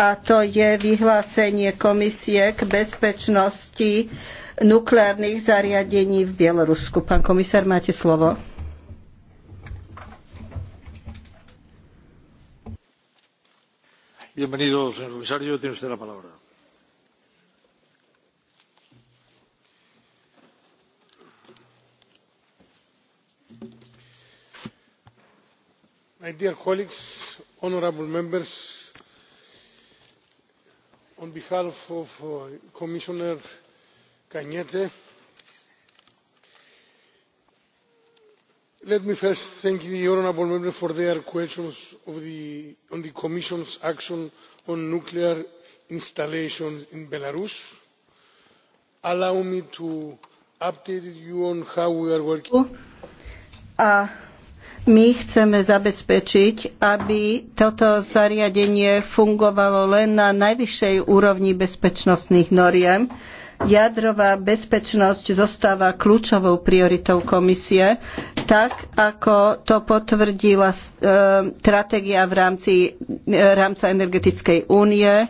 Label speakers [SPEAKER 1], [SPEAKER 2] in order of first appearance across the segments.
[SPEAKER 1] a to je vyhlásenie komisie k bezpečnosti nukleárnych zariadení v Bielorusku. Pán komisár, máte slovo.
[SPEAKER 2] Bienvenido, señor comisario. Tiene usted la palabra. My dear colleagues, honorable members, on behalf of uh, commissioner arias caete let me first thank the honourable members for their questions on the commission's action
[SPEAKER 3] on nuclear installations in belarus. allow me
[SPEAKER 2] to update you on how we are working.
[SPEAKER 1] Uh, my chceme zabezpečiť, aby toto zariadenie fungovalo len na najvyššej úrovni bezpečnostných noriem. Jadrová bezpečnosť zostáva kľúčovou prioritou komisie, tak ako to potvrdila e, stratégia v rámci e, rámca energetickej únie.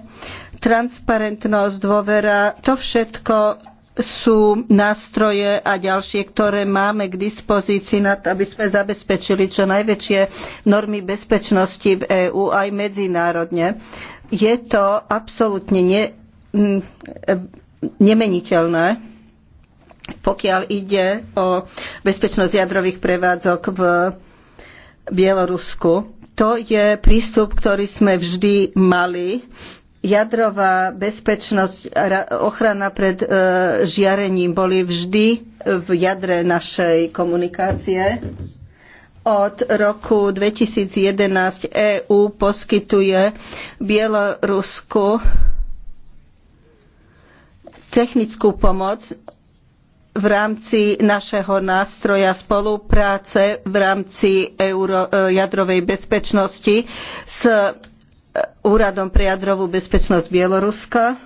[SPEAKER 1] Transparentnosť, dôvera, to všetko sú nástroje a ďalšie, ktoré máme k dispozícii na to, aby sme zabezpečili čo najväčšie normy bezpečnosti v EÚ aj medzinárodne. Je to absolútne ne, nemeniteľné, pokiaľ ide o bezpečnosť jadrových prevádzok v Bielorusku. To je prístup, ktorý sme vždy mali jadrová bezpečnosť, ochrana pred e, žiarením boli vždy e, v jadre našej komunikácie. Od roku 2011 EÚ poskytuje Bielorusku technickú pomoc v rámci našeho nástroja spolupráce v rámci e, jadrovej bezpečnosti s Úradom pre jadrovú bezpečnosť Bieloruska.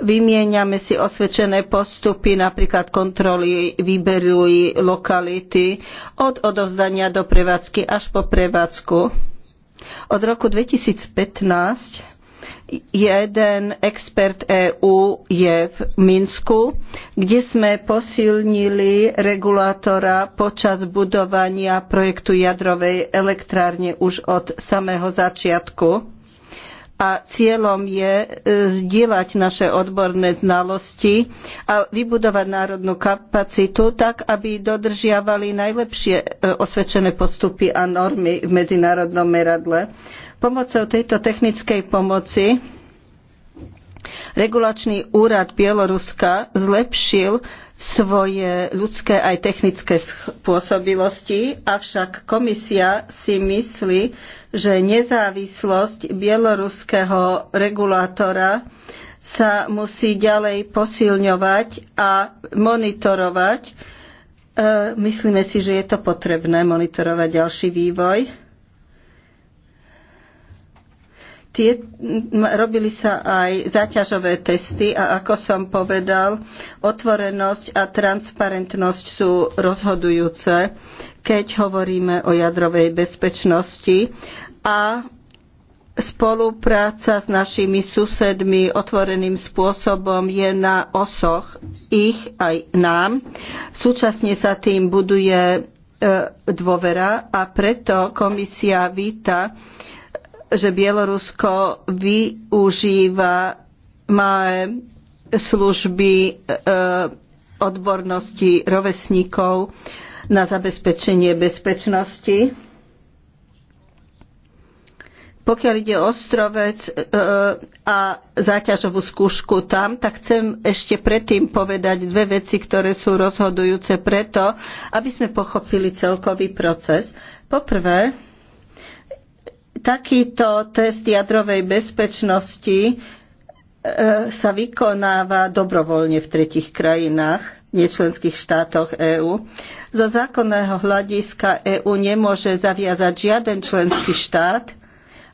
[SPEAKER 1] Vymieňame si osvedčené postupy, napríklad kontroly výberu lokality od odovzdania do prevádzky až po prevádzku. Od roku 2015 Jeden expert EÚ je v Minsku, kde sme posilnili regulátora počas budovania projektu jadrovej elektrárne už od samého začiatku. A cieľom je e, zdieľať naše odborné znalosti a vybudovať národnú kapacitu tak, aby dodržiavali najlepšie e, osvedčené postupy a normy v medzinárodnom meradle. Pomocou tejto technickej pomoci regulačný úrad Bieloruska zlepšil svoje ľudské aj technické spôsobilosti, avšak komisia si myslí, že nezávislosť bieloruského regulátora sa musí ďalej posilňovať a monitorovať. E, myslíme si, že je to potrebné monitorovať ďalší vývoj. Tie, robili sa aj záťažové testy a ako som povedal, otvorenosť a transparentnosť sú rozhodujúce, keď hovoríme o jadrovej bezpečnosti a spolupráca s našimi susedmi otvoreným spôsobom je na osoch ich aj nám. Súčasne sa tým buduje e, dôvera a preto komisia víta že Bielorusko využíva malé služby e, odbornosti rovesníkov na zabezpečenie bezpečnosti. Pokiaľ ide o ostrovec e, a záťažovú skúšku tam, tak chcem ešte predtým povedať dve veci, ktoré sú rozhodujúce preto, aby sme pochopili celkový proces. Poprvé, Takýto test jadrovej bezpečnosti e, sa vykonáva dobrovoľne v tretich krajinách, nečlenských štátoch EÚ. Zo zákonného hľadiska EÚ nemôže zaviazať žiaden členský štát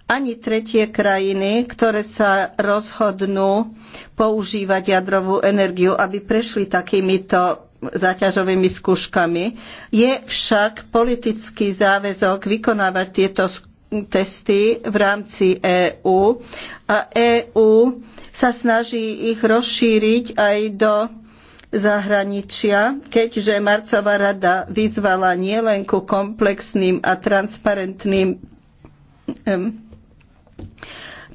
[SPEAKER 1] ani tretie krajiny, ktoré sa rozhodnú používať jadrovú energiu, aby prešli takýmito záťažovými skúškami. Je však politický záväzok vykonávať tieto skúšky testy v rámci EÚ a EÚ sa snaží ich rozšíriť aj do zahraničia, keďže Marcová rada vyzvala nielen ku komplexným a transparentným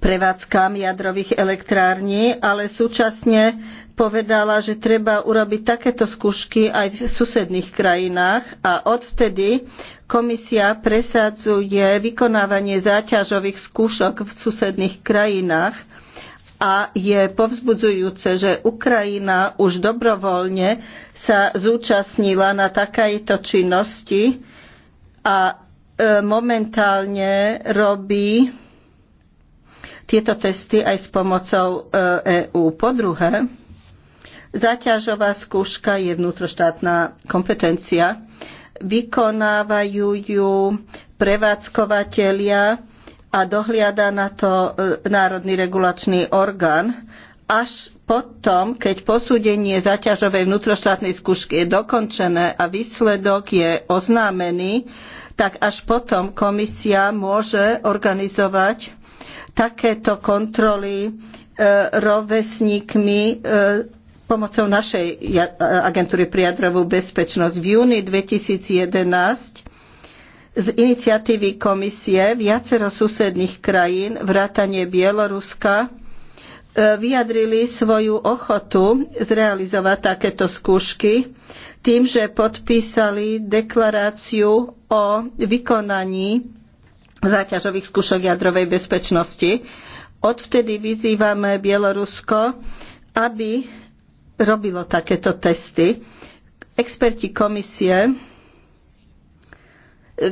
[SPEAKER 1] prevádzkam jadrových elektrární, ale súčasne povedala, že treba urobiť takéto skúšky aj v susedných krajinách a odvtedy Komisia presadzuje vykonávanie záťažových skúšok v susedných krajinách a je povzbudzujúce, že Ukrajina už dobrovoľne sa zúčastnila na takejto činnosti a e, momentálne robí tieto testy aj s pomocou EÚ. E po druhé, záťažová skúška je vnútroštátna kompetencia vykonávajú ju prevádzkovateľia a dohliada na to e, Národný regulačný orgán. Až potom, keď posúdenie zaťažovej vnútroštátnej skúšky je dokončené a výsledok je oznámený, tak až potom komisia môže organizovať takéto kontroly e, rovesníkmi e, pomocou našej agentúry pri jadrovú bezpečnosť. V júni 2011 z iniciatívy komisie viacero susedných krajín, vrátanie Bieloruska, e, vyjadrili svoju ochotu zrealizovať takéto skúšky tým, že podpísali deklaráciu o vykonaní záťažových skúšok jadrovej bezpečnosti. Odvtedy vyzývame Bielorusko, aby robilo takéto testy. Experti komisie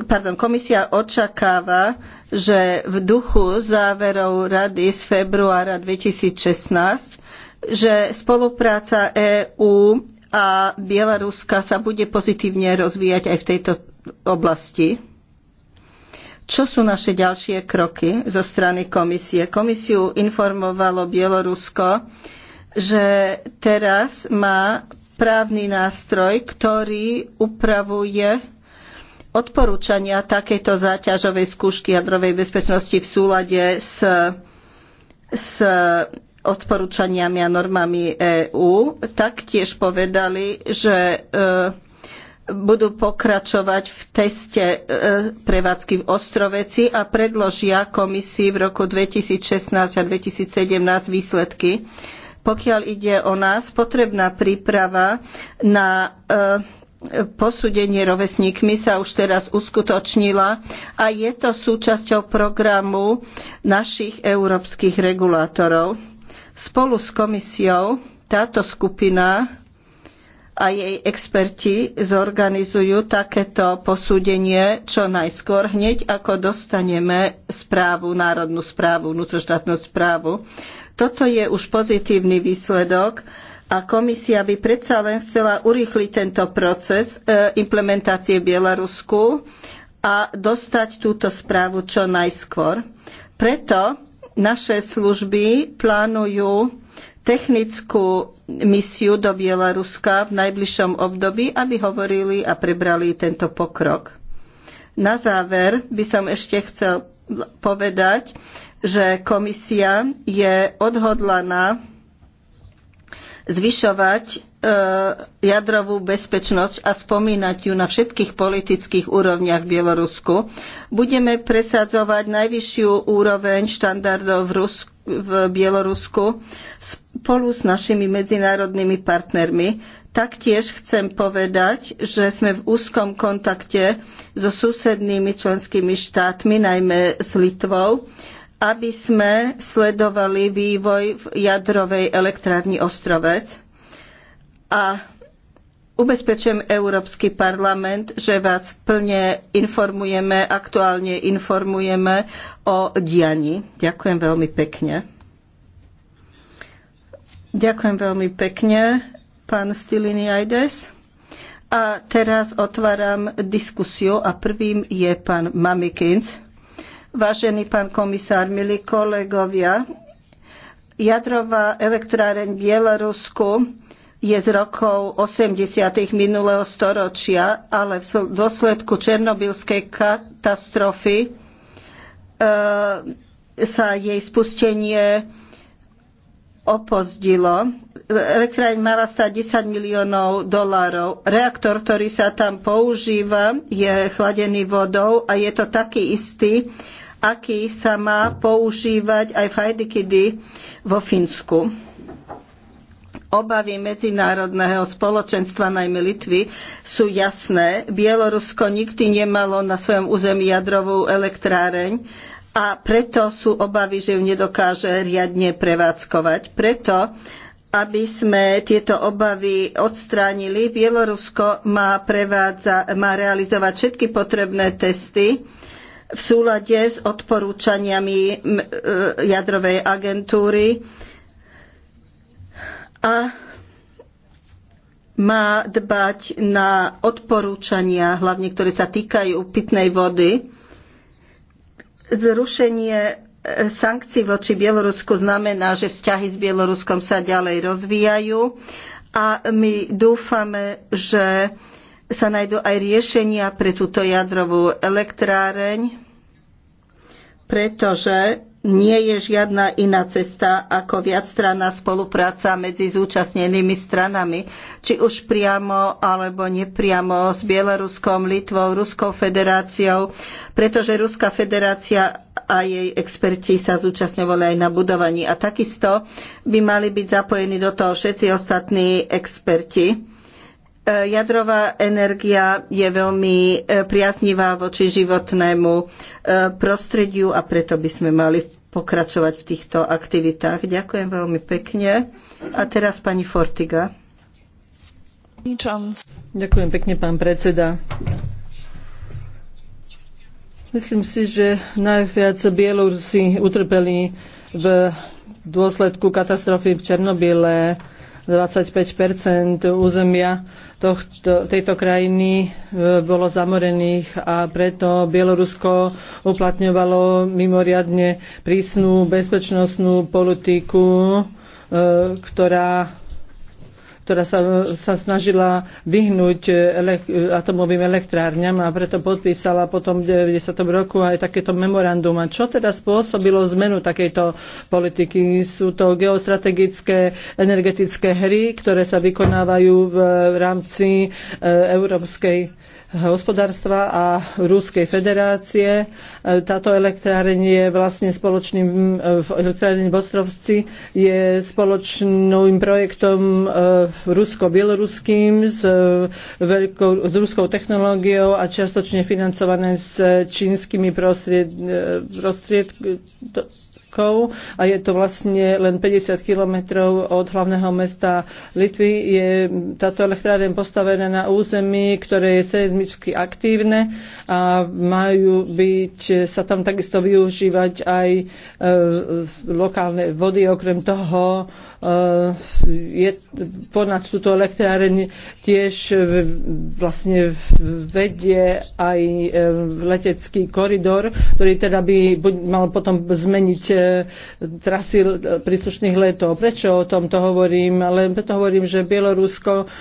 [SPEAKER 1] pardon, komisia očakáva, že v duchu záverov rady z februára 2016, že spolupráca EÚ a Bieloruska sa bude pozitívne rozvíjať aj v tejto oblasti. Čo sú naše ďalšie kroky zo strany komisie? Komisiu informovalo Bielorusko že teraz má právny nástroj, ktorý upravuje odporúčania takejto záťažovej skúšky jadrovej bezpečnosti v súlade s, s odporúčaniami a normami EÚ. Taktiež povedali, že e, budú pokračovať v teste e, prevádzky v Ostroveci a predložia komisii v roku 2016 a 2017 výsledky. Pokiaľ ide o nás, potrebná príprava na e, posúdenie rovesníkmi sa už teraz uskutočnila a je to súčasťou programu našich európskych regulátorov. Spolu s komisiou táto skupina a jej experti zorganizujú takéto posúdenie čo najskôr, hneď ako dostaneme správu, národnú správu, vnútroštátnu správu. Toto je už pozitívny výsledok a komisia by predsa len chcela urýchliť tento proces e, implementácie v Bielorusku a dostať túto správu čo najskôr. Preto naše služby plánujú technickú misiu do Bieloruska v najbližšom období, aby hovorili a prebrali tento pokrok. Na záver by som ešte chcel povedať, že komisia je odhodlaná zvyšovať e, jadrovú bezpečnosť a spomínať ju na všetkých politických úrovniach v Bielorusku. Budeme presadzovať najvyššiu úroveň štandardov v, v Bielorusku spolu s našimi medzinárodnými partnermi. Taktiež chcem povedať, že sme v úzkom kontakte so susednými členskými štátmi, najmä s Litvou, aby sme sledovali vývoj v jadrovej elektrárni Ostrovec. A ubezpečujem Európsky parlament, že vás plne informujeme, aktuálne informujeme o dianí. Ďakujem veľmi pekne. Ďakujem veľmi pekne pán Stiliniajdes. A teraz otváram diskusiu a prvým je pán Mamikins. Vážený pán komisár, milí kolegovia, jadrová elektráreň v Bielorusku je z rokov 80. minulého storočia, ale v dôsledku černobylskej katastrofy e, sa jej spustenie opozdilo. Elektráň mala stať 10 miliónov dolárov. Reaktor, ktorý sa tam používa, je chladený vodou a je to taký istý, aký sa má používať aj v Hajdikidy vo Fínsku. Obavy medzinárodného spoločenstva, najmä Litvy, sú jasné. Bielorusko nikdy nemalo na svojom území jadrovú elektráreň a preto sú obavy, že ju nedokáže riadne prevádzkovať. Preto, aby sme tieto obavy odstránili, Bielorusko má, prevádza, má realizovať všetky potrebné testy v súlade s odporúčaniami e, jadrovej agentúry a má dbať na odporúčania, hlavne ktoré sa týkajú pitnej vody Zrušenie e, sankcií voči Bielorusku znamená, že vzťahy s Bieloruskom sa ďalej rozvíjajú a my dúfame, že sa nájdú aj riešenia pre túto jadrovú elektráreň, pretože nie je žiadna iná cesta ako viacstranná spolupráca medzi zúčastnenými stranami, či už priamo alebo nepriamo s Bieloruskom, Litvou, Ruskou federáciou, pretože Ruská federácia a jej experti sa zúčastňovali aj na budovaní. A takisto by mali byť zapojení do toho všetci ostatní experti E, jadrová energia je veľmi e, priaznivá voči životnému e, prostrediu a preto by sme mali pokračovať v týchto aktivitách. Ďakujem veľmi pekne. A teraz pani Fortiga.
[SPEAKER 3] Ďakujem pekne, pán predseda. Myslím si, že najviac Bielorusi utrpeli v dôsledku katastrofy v Černobyle 25 územia tohto, tejto krajiny e, bolo zamorených a preto Bielorusko uplatňovalo mimoriadne prísnu bezpečnostnú politiku, e, ktorá ktorá sa, sa snažila vyhnúť elek, atomovým elektrárňam a preto podpísala potom v 90. roku aj takéto memorandum. A čo teda spôsobilo zmenu takejto politiky? Sú to geostrategické energetické hry, ktoré sa vykonávajú v rámci eh, európskej hospodárstva a Ruskej federácie. Eh, táto elektráreň je vlastne spoločným, eh, elektráreň v Ostrovci je spoločným projektom rusko-bieloruským s, e, veľkou, s ruskou technológiou a čiastočne financované s čínskymi prostried, e, prostriedkov a je to vlastne len 50 kilometrov od hlavného mesta Litvy. Je táto elektrárne postavená na území, ktoré je seizmicky aktívne a majú byť, sa tam takisto využívať aj e, lokálne vody. Okrem toho Eh, je ponad túto elektráreň tiež eh, vlastne vedie aj eh, letecký koridor, ktorý teda by mal potom zmeniť trasy príslušných letov. Prečo o tomto hovorím? Ale preto hovorím, že Bielorusko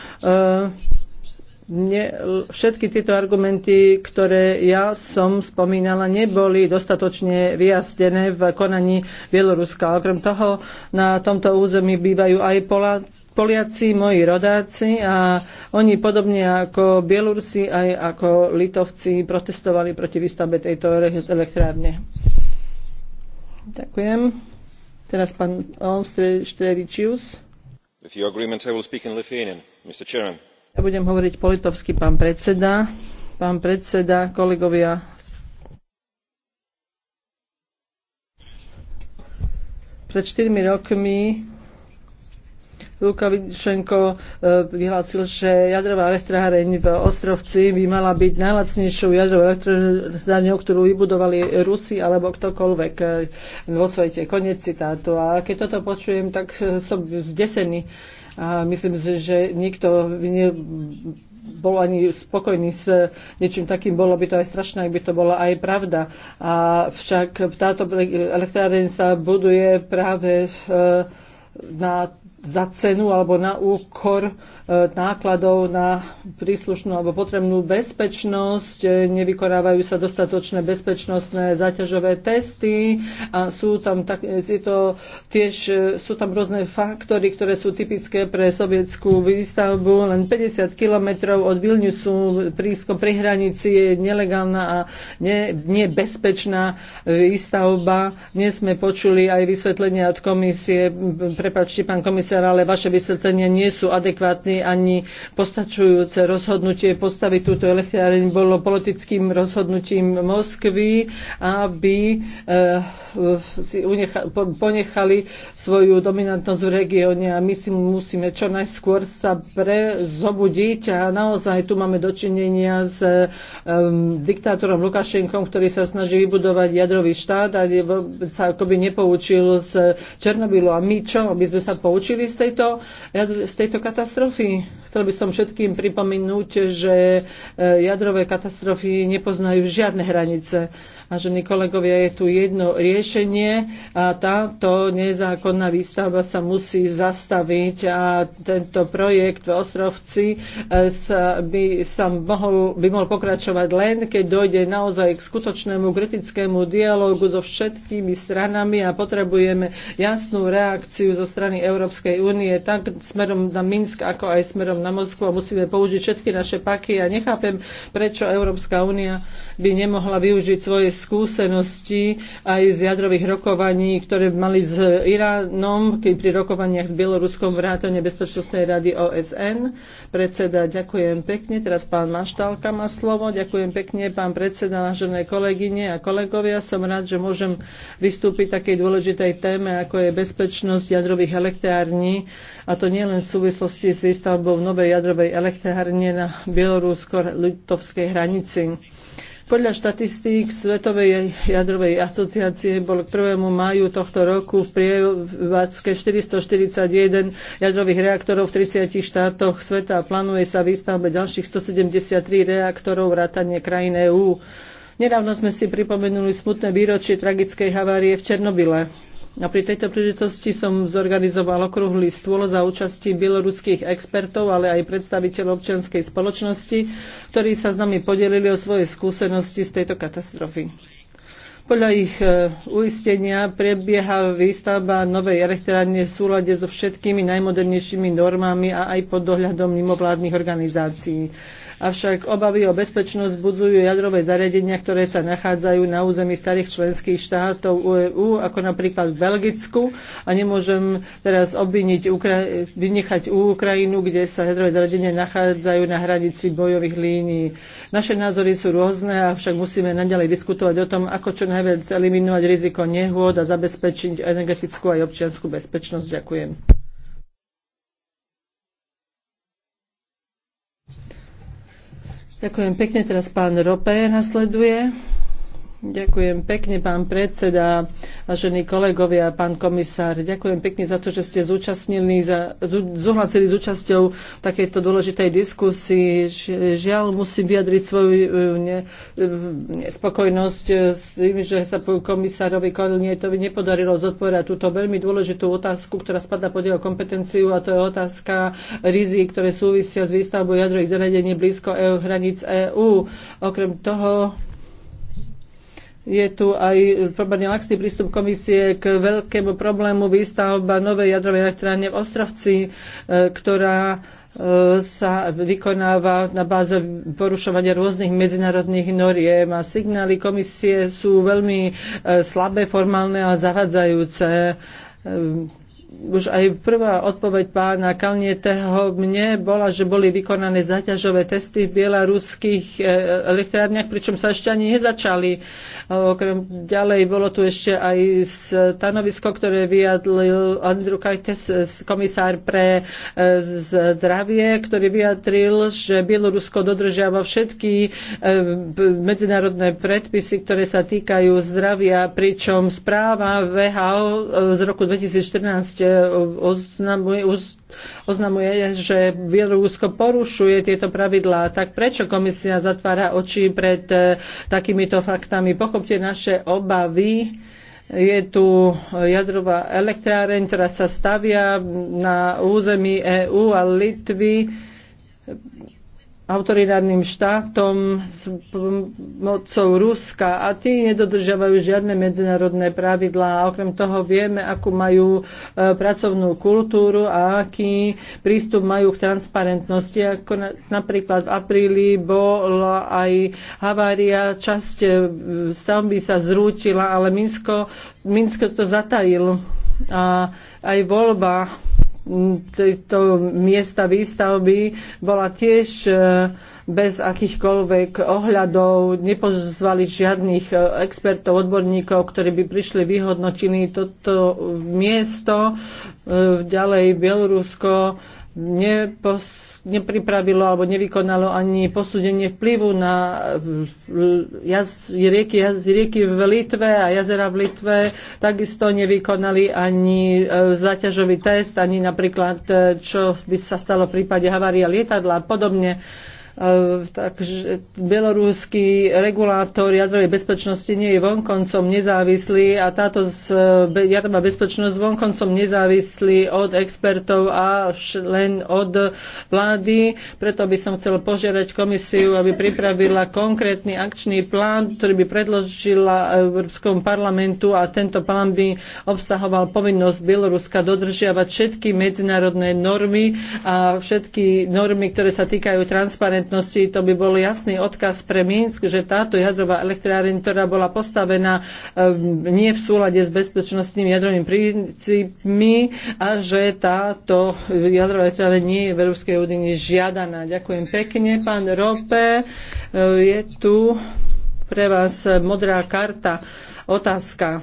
[SPEAKER 3] ne, všetky tieto argumenty, ktoré ja som spomínala, neboli dostatočne vyjasnené v konaní Bieloruska. Okrem toho, na tomto území bývajú aj Poláci, Poliaci, moji rodáci a oni podobne ako Bielorusi aj ako Litovci protestovali proti výstavbe tejto elektrárne. Ďakujem. Teraz pán Almström Štredičius. With your agreement I will speak in Lithuanian, Mr. Chairman. Ja budem hovoriť po litovsky, pán predseda. Pán predseda, kolegovia. Pred 4 rokmi Lukavičenko e, vyhlásil, že jadrová elektráreň v Ostrovci by mala byť najlacnejšou jadrovou elektrárňou, ktorú vybudovali Rusi alebo ktokoľvek e, vo svete. Koniec citátu. A keď toto počujem, tak som zdesený a myslím, si, že nikto ne, bol ani spokojný s niečím takým, bolo by to aj strašné, ak by to bola aj pravda. A však táto elektrárne sa buduje práve e, na za cenu alebo na úkor e, nákladov na príslušnú alebo potrebnú bezpečnosť, e, nevykonávajú sa dostatočné bezpečnostné zaťažové testy a sú tam, tak, e, je to, tiež, sú tam rôzne faktory, ktoré sú typické pre sovietskú výstavbu. Len 50 kilometrov od Vilniusu prísko pri hranici je nelegálna a ne, nebezpečná výstavba. Dnes sme počuli aj vysvetlenia od komisie, prepačte pán komisie, minister, ale vaše vysvetlenia nie sú adekvátne ani postačujúce. Rozhodnutie postaviť túto elektráreň bolo politickým rozhodnutím Moskvy, aby eh, si ponechali svoju dominantnosť v regióne a my si musíme čo najskôr sa prezobudiť a naozaj tu máme dočinenia s um, diktátorom Lukašenkom, ktorý sa snaží vybudovať jadrový štát a sa akoby nepoučil z Černobylu. A my čo? My sme sa poučili? z tejto, z tejto katastrofy. Chcel by som všetkým pripomenúť, že eh, jadrové katastrofy nepoznajú žiadne hranice. Vážení kolegovia, je tu jedno riešenie a táto nezákonná výstavba sa musí zastaviť a tento projekt v Ostrovci e, sa by, sa mohol, by mohol pokračovať len, keď dojde naozaj k skutočnému kritickému dialogu so všetkými stranami a potrebujeme jasnú reakciu zo strany Európskej únie tak smerom na Minsk, ako aj smerom na Moskvu a musíme použiť všetky naše paky a nechápem, prečo Európska únia by nemohla využiť svoje skúsenosti aj z jadrových rokovaní, ktoré mali s Iránom, keď pri rokovaniach s Bieloruskom vrátane Bezpečnostnej rady OSN. Predseda, ďakujem pekne. Teraz pán Maštálka má slovo. Ďakujem pekne, pán predseda, vážené kolegyne a kolegovia. Som rád, že môžem vystúpiť takej dôležitej téme, ako je bezpečnosť jadrových elektrární. A to nielen v súvislosti s výstavbou novej jadrovej elektrárne na Bielorusko-Litovskej hranici. Podľa štatistík Svetovej jadrovej asociácie bol k 1. máju tohto roku v prievádzke 441 jadrových reaktorov v 30 štátoch sveta a plánuje sa výstavbe ďalších 173 reaktorov vrátane krajín EÚ. Nedávno sme si pripomenuli smutné výročie tragickej havárie v Černobyle. A pri tejto príležitosti som zorganizoval okrúhly stôl za účasti bieloruských expertov, ale aj predstaviteľov občianskej spoločnosti, ktorí sa s nami podelili o svoje skúsenosti z tejto katastrofy. Podľa ich e, uistenia prebieha výstavba novej elektrárne v súlade so všetkými najmodernejšími normami a aj pod dohľadom mimovládnych organizácií avšak obavy o bezpečnosť budujú jadrové zariadenia, ktoré sa nachádzajú na území starých členských štátov EÚ, ako napríklad v Belgicku. A nemôžem teraz obviniť Ukra- vynechať Ukrajinu, kde sa jadrové zariadenia nachádzajú na hranici bojových línií. Naše názory sú rôzne, avšak musíme naďalej diskutovať o tom, ako čo najviac eliminovať riziko nehôd a zabezpečiť energetickú aj občianskú bezpečnosť. Ďakujem. Ďakujem pekne. Teraz pán Rope nasleduje. Ďakujem pekne, pán predseda, vážení kolegovia, pán komisár. Ďakujem pekne za to, že ste zúčastnili, za, zúhlasili s účasťou takejto dôležitej diskusii. Žiaľ, musím vyjadriť svoju eh, ne, eh, nespokojnosť s tým, že sa komisárovi Kolnietovi nepodarilo zodpovedať túto veľmi dôležitú otázku, ktorá spadá pod jeho kompetenciu, a to je otázka rizik, ktoré súvisia s výstavbou jadrových zariadení blízko EU, eh, hraníc EÚ. Okrem toho, je tu aj pomerne laxný prístup komisie k veľkému problému výstavba novej jadrovej elektrárne v Ostrovci, e, ktorá e, sa vykonáva na báze porušovania rôznych medzinárodných noriem a signály komisie sú veľmi e, slabé, formálne a zavadzajúce už aj prvá odpoveď pána Kalnieteho mne bola, že boli vykonané zaťažové testy v bieloruských e, e, elektrárniach, pričom sa ešte ani nezačali. Okrem ďalej bolo tu ešte aj stanovisko, ktoré vyjadril Andrew Kajtes, e, komisár pre zdravie, ktorý vyjadril, že Bielorusko dodržiava všetky medzinárodné predpisy, ktoré sa týkajú zdravia, pričom správa VHO z roku 2014 E, oznamuje, oznamuje, že Bielorusko porušuje tieto pravidlá. Tak prečo komisia zatvára oči pred e, takýmito faktami? Pochopte naše obavy. Je tu jadrová elektráreň, ktorá sa stavia na území EÚ a Litvy autoritárnym štátom s mocou Ruska a tí nedodržiavajú žiadne medzinárodné pravidlá. A okrem toho vieme, akú majú e, pracovnú kultúru a aký prístup majú k transparentnosti. Ako na, napríklad v apríli bola aj havária, časť e, stavby sa zrútila, ale Minsko, Minsko to zatajil. A aj voľba tejto miesta výstavby bola tiež e, bez akýchkoľvek ohľadov, nepozvali žiadnych e, expertov, odborníkov, ktorí by prišli, vyhodnotili toto miesto. E, ďalej Bielorusko nepos nepripravilo alebo nevykonalo ani posúdenie vplyvu na jaz, rieky, jaz, rieky v Litve a jazera v Litve. Takisto nevykonali ani e, záťažový test, ani napríklad, e, čo by sa stalo v prípade havária lietadla a podobne. E, takže beloruský regulátor jadrovej bezpečnosti nie je vonkoncom nezávislý a táto jadrová bezpečnosť vonkoncom nezávislí od expertov a len od vlády. Preto by som chcel požiadať komisiu, aby pripravila konkrétny akčný plán, ktorý by predložila Európskom parlamentu a tento plán by obsahoval povinnosť Bieloruska dodržiavať všetky medzinárodné normy a všetky normy, ktoré sa týkajú transparentnosti transparentnosti, to by bol jasný odkaz pre Minsk, že táto jadrová elektráreň, ktorá bola postavená ehm, nie v súlade s bezpečnostnými jadrovými princípmi a že táto jadrová elektráreň nie je v Európskej únii žiadaná. Ďakujem pekne, pán Rope. Ehm, je tu pre vás modrá karta, otázka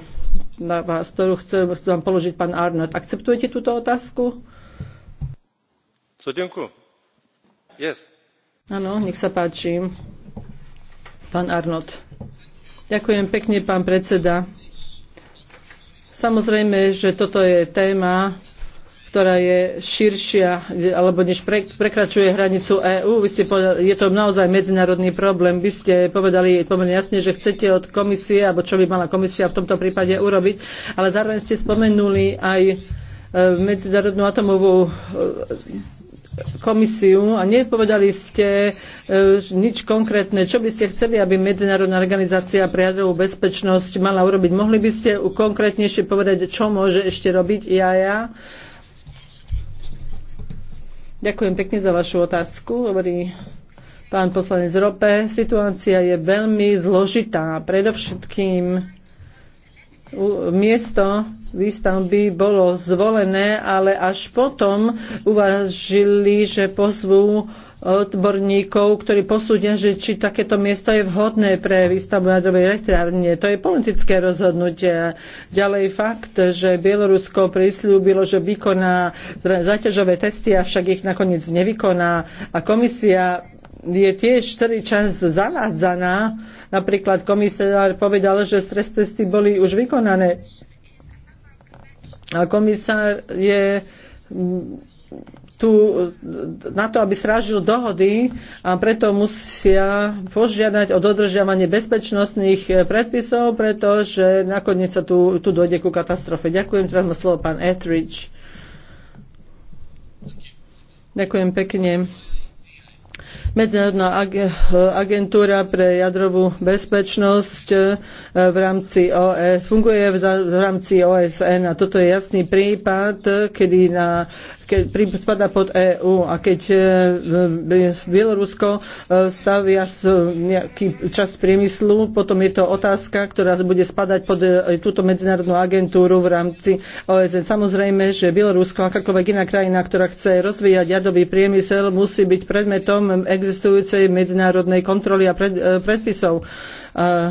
[SPEAKER 3] na vás, ktorú chcem, vám položiť pán Arnold. Akceptujete túto otázku?
[SPEAKER 1] Ďakujem.
[SPEAKER 2] Yes.
[SPEAKER 3] Áno, nech sa páči. Pán Arnold. Ďakujem pekne, pán predseda. Samozrejme, že toto je téma, ktorá je širšia alebo než pre, prekračuje hranicu EÚ. Vy ste povedali, je to naozaj medzinárodný problém. Vy ste povedali pomerne jasne, že chcete od komisie, alebo čo by mala komisia v tomto prípade urobiť, ale zároveň ste spomenuli aj e, medzinárodnú atomovú e, komisiu a nepovedali ste e, nič konkrétne, čo by ste chceli, aby Medzinárodná organizácia pre jadrovú bezpečnosť mala urobiť. Mohli by ste konkrétnejšie povedať, čo môže ešte robiť IAEA? Ďakujem pekne za vašu otázku, hovorí pán poslanec Rope. Situácia je veľmi zložitá. Predovšetkým miesto výstavby bolo zvolené, ale až potom uvažili, že pozvú odborníkov, ktorí posúdia, že či takéto miesto je vhodné pre výstavbu jadrovej elektrárne. To je politické rozhodnutie. Ďalej fakt, že Bielorusko prislúbilo, že vykoná zaťažové testy, avšak ich nakoniec nevykoná. A komisia je tiež celý čas zavádzaná. Napríklad komisár povedal, že stres testy boli už vykonané. A komisár je mm, tu na to, aby strážil dohody a preto musia požiadať o dodržiavanie bezpečnostných predpisov, pretože nakoniec sa tu, tu dojde ku katastrofe. Ďakujem. Teraz má slovo pán Etheridge. Ďakujem pekne. Medzinárodná eh, agentúra pre jadrovú bezpečnosť eh, v rámci OS, funguje v rámci OSN a toto je jasný prípad, eh, kedy na keď spadá pod EÚ a keď e, e, Bielorusko e, stavia nejaký čas priemyslu, potom je to otázka, ktorá bude spadať pod túto medzinárodnú agentúru v rámci OSN. Samozrejme, že Bielorusko, akákoľvek iná krajina, ktorá chce rozvíjať jadový priemysel, musí byť predmetom existujúcej medzinárodnej kontroly a pred, predpisov. Uh,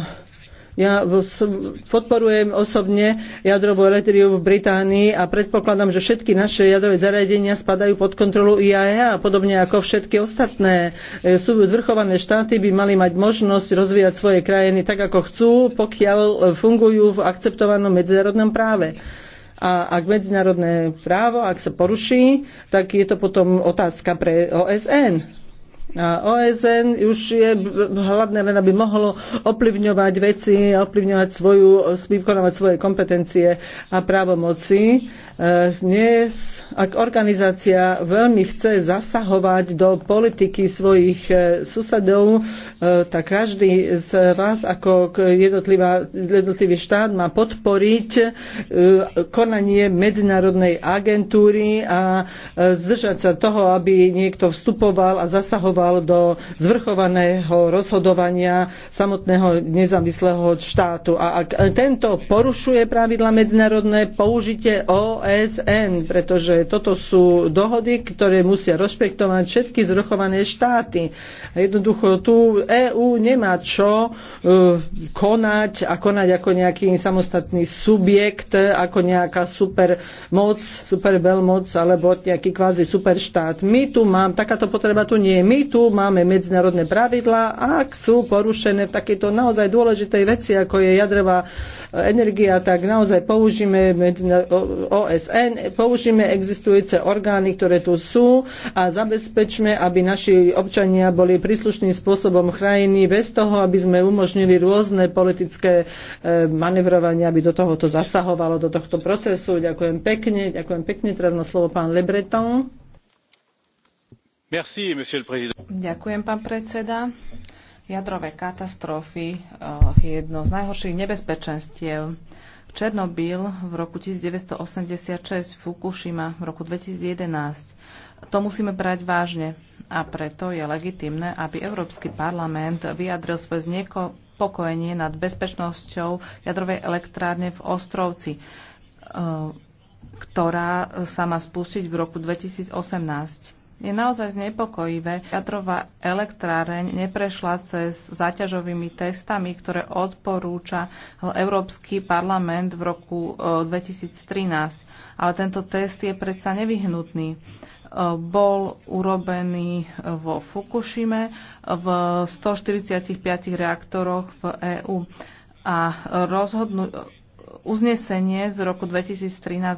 [SPEAKER 3] ja podporujem osobne jadrovú elektriu v Británii a predpokladám, že všetky naše jadrové zariadenia spadajú pod kontrolu IAEA, e podobne ako všetky ostatné. E, sú zvrchované štáty by mali mať možnosť rozvíjať svoje krajiny tak, ako chcú, pokiaľ e, fungujú v akceptovanom medzinárodnom práve. A ak medzinárodné právo, ak sa poruší, tak je to potom otázka pre OSN. OSN už je hladné len, aby mohlo ovplyvňovať veci, ovplyvňovať svoju, vykonávať svoje kompetencie a právomoci. E, dnes, ak organizácia veľmi chce zasahovať do politiky svojich e, susedov, e, tak každý z vás ako jednotlivý štát má podporiť konanie medzinárodnej agentúry a zdržať sa toho, aby niekto vstupoval a zasahoval zasahoval do zvrchovaného rozhodovania samotného nezávislého štátu. A ak tento porušuje pravidla medzinárodné, použite OSN, pretože toto sú dohody, ktoré musia rešpektovať všetky zvrchované štáty. A jednoducho tu EÚ nemá čo uh, konať a konať ako nejaký samostatný subjekt, ako nejaká supermoc, superveľmoc alebo nejaký kvázi superštát. My tu mám, takáto potreba tu nie je. My tu tu máme medzinárodné pravidlá a ak sú porušené v takejto naozaj dôležitej veci, ako je jadrová e, energia, tak naozaj použijeme OSN, použíme existujúce orgány, ktoré tu sú a zabezpečme, aby naši občania boli príslušným spôsobom krajiny bez toho, aby sme umožnili rôzne politické e, manevrovania, aby do tohoto zasahovalo, do tohto procesu. Ďakujem pekne, ďakujem pekne. Teraz na slovo pán Lebreton.
[SPEAKER 2] Ďakujem, pán predseda. Jadrové katastrofy eh, je jedno z najhorších nebezpečenstiev. Černobyl v roku 1986, Fukushima v roku 2011. To musíme brať vážne a preto je legitimné, aby Európsky parlament vyjadril svoje znepokojenie nad bezpečnosťou jadrovej elektrárne v Ostrovci, eh, ktorá sa má spustiť v roku 2018. Je naozaj znepokojivé. Jadrová elektráreň neprešla cez záťažovými testami, ktoré odporúča Európsky parlament v roku 2013. E, Ale tento test je predsa nevyhnutný. E, bol urobený e, vo Fukushime v 145 reaktoroch v EÚ a rozhodnú, Uznesenie z roku 2013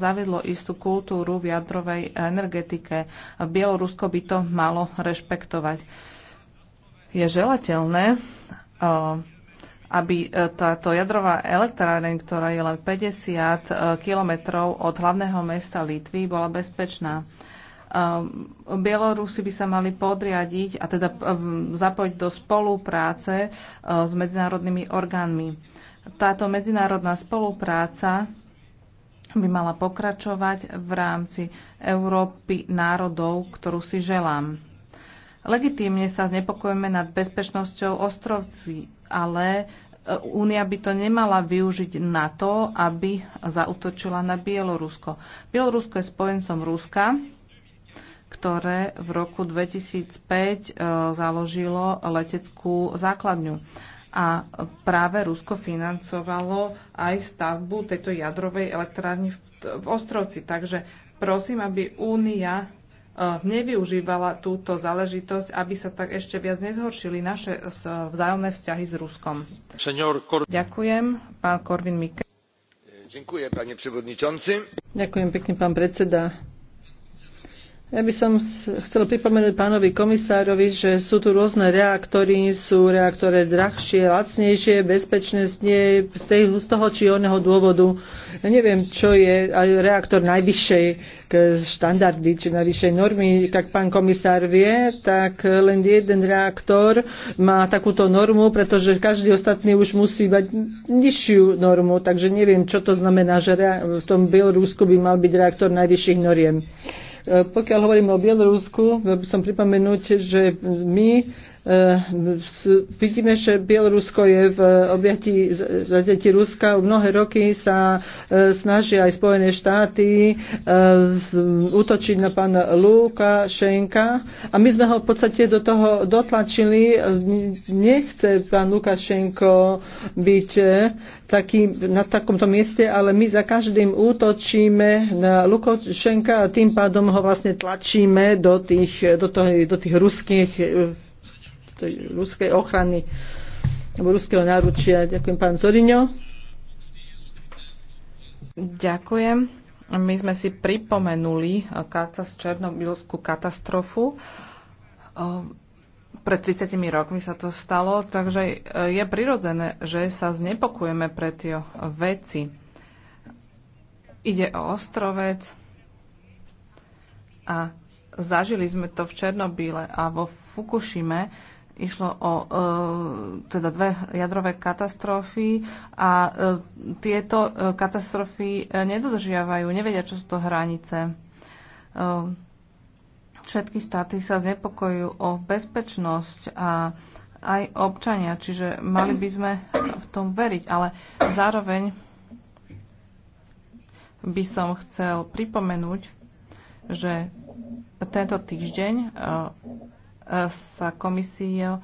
[SPEAKER 2] zavedlo istú kultúru v jadrovej energetike. Bielorusko by to malo rešpektovať. Je želateľné, eh, aby eh, táto jadrová elektráreň, ktorá je len 50 eh, kilometrov od hlavného mesta Litvy, bola bezpečná. Bielorusi by sa mali podriadiť a teda zapojiť do spolupráce s medzinárodnými orgánmi. Táto medzinárodná spolupráca by mala pokračovať v rámci Európy národov, ktorú si želám. Legitímne sa znepokojeme nad bezpečnosťou ostrovci, ale e, Únia by to nemala využiť na to, aby zautočila na Bielorusko. Bielorusko je spojencom Ruska, ktoré v roku 2005 e, založilo leteckú základňu a práve Rusko financovalo aj stavbu tejto jadrovej elektrárny v Ostrovci. Takže prosím, aby Únia e, nevyužívala túto záležitosť, aby sa tak ešte viac nezhoršili naše e, vzájomné vzťahy s Ruskom. Ďakujem, pán Korvin Mikke.
[SPEAKER 3] Ďakujem, pekne, pán predseda ja by som chcel pripomenúť pánovi komisárovi, že sú tu rôzne reaktory, sú reaktore drahšie, lacnejšie, bezpečné nie z, tej, z toho či oného dôvodu. Ja neviem, čo je reaktor najvyššej štandardy či najvyššej normy. Tak pán komisár vie, tak len jeden reaktor má takúto normu, pretože každý ostatný už musí mať nižšiu normu. Takže neviem, čo to znamená, že v tom Bielorúsku by mal byť reaktor najvyšších noriem. E, pokiaľ hovoríme o Bielorusku, som pripomenúť, že my e, vidíme, že Bielorusko je v objati zatiaľ Ruska. Mnohé roky sa e, snažia aj Spojené štáty útočiť na pána Šenka. a my sme ho v podstate do toho dotlačili. Nechce pán Lukašenko byť taký, na takomto mieste, ale my za každým útočíme na Lukošenka a tým pádom ho vlastne tlačíme do tých, do toho, do tých ruských, tej ruskej ochrany alebo ruského náručia. Ďakujem, pán Zoriňo.
[SPEAKER 2] Ďakujem. My sme si pripomenuli katas, černobylskú katastrofu pred 30 rokmi sa to stalo, takže e, je prirodzené, že sa znepokujeme pre tie veci. Ide o ostrovec a zažili sme to v Černobíle a vo Fukushime išlo o e, teda dve jadrové katastrofy a e, tieto e, katastrofy e, nedodržiavajú, nevedia, čo sú to hranice. E, Všetky štáty sa znepokojujú o bezpečnosť a aj občania, čiže mali by sme v tom veriť, ale zároveň by som chcel pripomenúť, že tento týždeň e, e, sa komisii,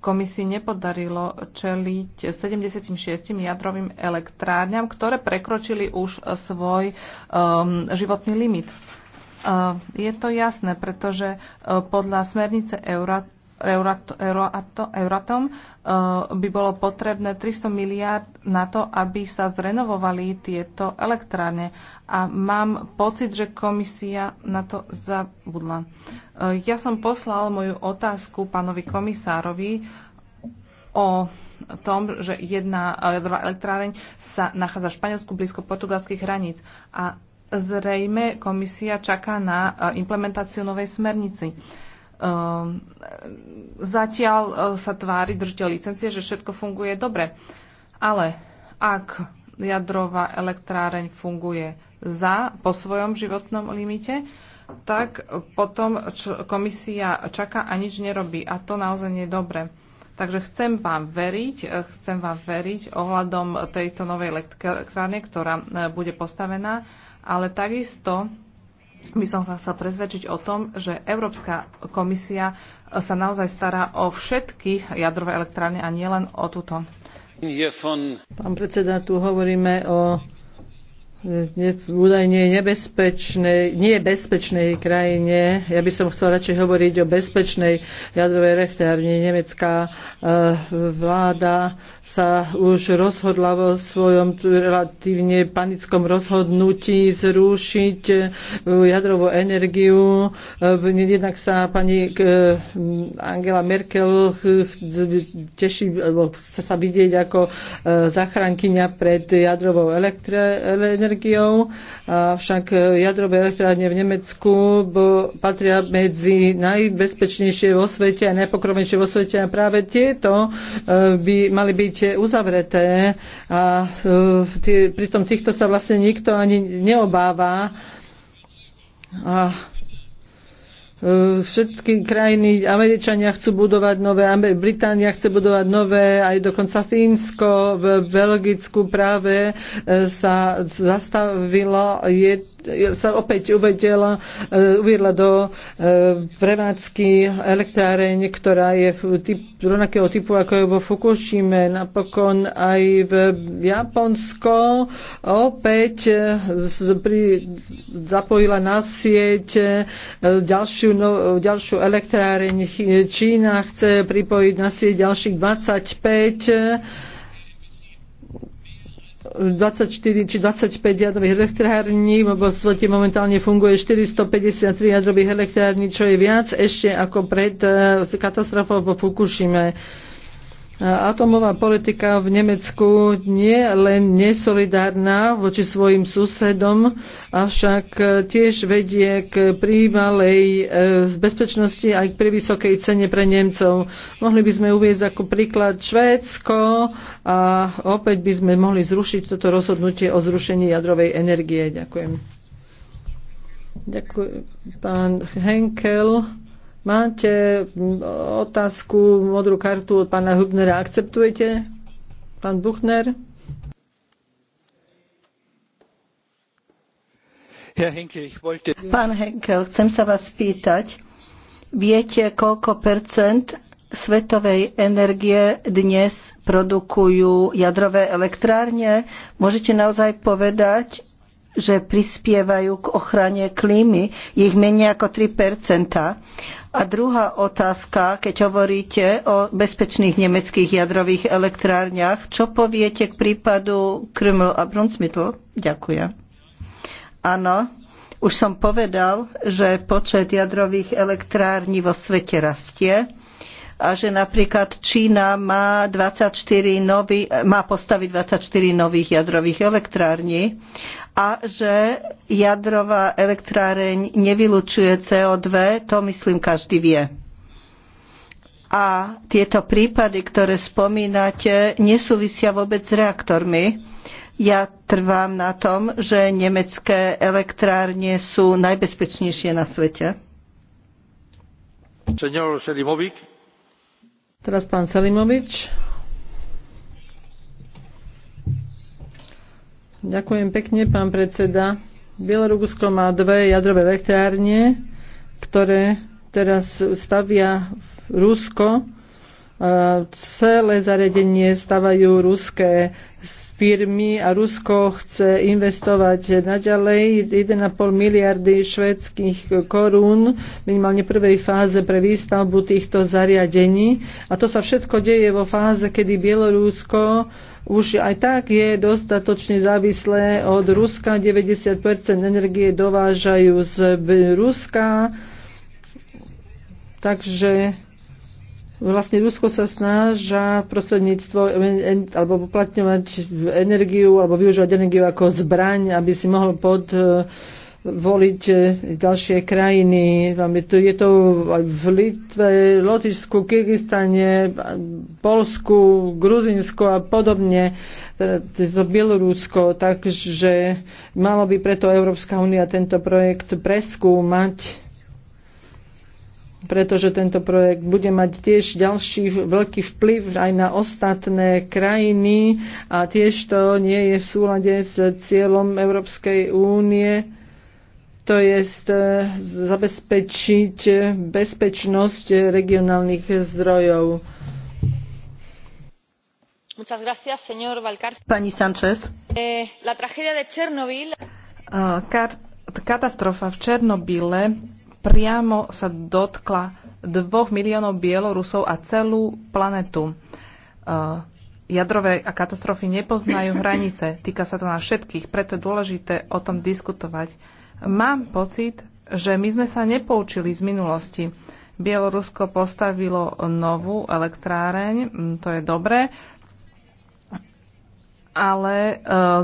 [SPEAKER 2] komisii nepodarilo čeliť 76 jadrovým elektrárňam, ktoré prekročili už svoj um, životný limit. Je to jasné, pretože e, podľa smernice Euratom e, by bolo potrebné 300 miliárd na to, aby sa zrenovovali tieto elektrárne. A mám pocit, že komisia na to zabudla. E, ja som poslal moju otázku pánovi komisárovi o tom, že jedna elektráreň sa nachádza v Španielsku blízko portugalských hraníc. A Zrejme komisia čaká na e, implementáciu novej smernici. E, zatiaľ e, sa tvári držiteľ licencie, že všetko funguje dobre. Ale ak jadrová elektráreň funguje za, po svojom životnom limite, tak potom komisia čaká a nič nerobí. A to naozaj nie je dobre. Takže chcem vám veriť, chcem vám veriť ohľadom tejto novej elektrárne, ktorá bude postavená ale takisto by som sa chcel presvedčiť o tom, že Európska komisia sa naozaj stará o všetky jadrové elektrárne a nielen o túto. Pán predseda, tu hovoríme o
[SPEAKER 3] údajne nebezpečnej, nie bezpečnej krajine. Ja by som chcel radšej hovoriť o bezpečnej jadrovej rechtárni. Nemecká eh, vláda sa už rozhodla vo svojom relatívne panickom rozhodnutí zrušiť eh, jadrovú energiu. Eh, jednak sa pani Angela Merkel teší, alebo chce sa vidieť ako zachránkyňa pred jadrovou elektre, energiou, avšak jadrové elektrárne v Nemecku patria medzi najbezpečnejšie vo svete a najpokromnejšie vo svete a práve tieto e, by mali byť uzavreté a e, pritom týchto sa vlastne nikto ani neobáva. A E, všetky krajiny, Američania chcú budovať nové, Británia chce budovať nové, aj dokonca Fínsko, v Belgicku práve e, sa zastavilo, je, sa opäť uvedela, e, uviedla do prevádzky elektráreň, ktorá je typ, rovnakého typu, ako je vo Fukushime, napokon aj v Japonsko opäť pri, zapojila na sieť ďalšiu ďalšiu, no, ďalšiu elektráreň Čína chce pripojiť na sieť ďalších 25 24 či 25 jadrových elektrární, lebo v svete momentálne funguje 453 jadrových elektrární, čo je viac ešte ako pred eh, katastrofou vo Fukushime. Atomová politika v Nemecku nie len nesolidárna voči svojim susedom, avšak tiež vedie k príjmalej e, bezpečnosti aj k vysokej cene pre Nemcov. Mohli by sme uvieť ako príklad Švédsko a opäť by sme mohli zrušiť toto rozhodnutie o zrušení jadrovej energie. Ďakujem. Ďakujem. Pán Henkel. Máte mm, otázku, modrú kartu od pána Hubnera. Akceptujete? Pán Buchner?
[SPEAKER 2] Pán
[SPEAKER 1] Henkel, chcem sa vás spýtať, viete, koľko percent svetovej energie dnes produkujú jadrové elektrárne? Môžete naozaj povedať, že prispievajú k ochrane klímy? Je ich menej ako 3 a druhá otázka, keď hovoríte o bezpečných nemeckých jadrových elektrárniach, čo poviete k prípadu Krümel a Brunsmittel? Ďakujem. Áno, už som povedal, že počet jadrových elektrární vo svete rastie a že napríklad Čína má, 24 nový, má postaviť 24 nových jadrových elektrární a že jadrová elektráreň nevylučuje CO2, to myslím každý vie. A tieto prípady, ktoré spomínate, nesúvisia vôbec s reaktormi. Ja trvám na tom, že nemecké elektrárne sú najbezpečnejšie na svete.
[SPEAKER 3] Teraz pán Selimovič. Ďakujem pekne, pán predseda. Bielorusko má dve jadrové elektrárne, ktoré teraz stavia Rusko. Celé zariadenie stavajú ruské firmy a Rusko chce investovať naďalej 1,5 miliardy švedských korún minimálne prvej fáze pre výstavbu týchto zariadení. A to sa všetko deje vo fáze, kedy Bielorusko už aj tak je dostatočne závislé od Ruska. 90 energie dovážajú z Ruska. Takže vlastne Rusko sa snažia prostredníctvo alebo uplatňovať energiu alebo využívať energiu ako zbraň, aby si mohol pod voliť e, ďalšie krajiny. Je tu, je to aj v Litve, Lotyšsku, Kyrgyzstane, Polsku, Gruzinsku a podobne, teda to Bielorusko, takže malo by preto Európska únia tento projekt preskúmať pretože tento projekt bude mať tiež ďalší veľký vplyv aj na ostatné krajiny a tiež to nie je v súlade s cieľom Európskej únie to je zabezpečiť bezpečnosť regionálnych zdrojov.
[SPEAKER 2] Pani Sanchez. Eh, katastrofa v Černobyle priamo sa dotkla dvoch miliónov Bielorusov a celú planetu. Jadrové a katastrofy nepoznajú hranice. Týka sa to na všetkých, preto je dôležité o tom diskutovať Mám pocit, že my sme sa nepoučili z minulosti. Bielorusko postavilo novú elektráreň, mm, to je dobré, ale e,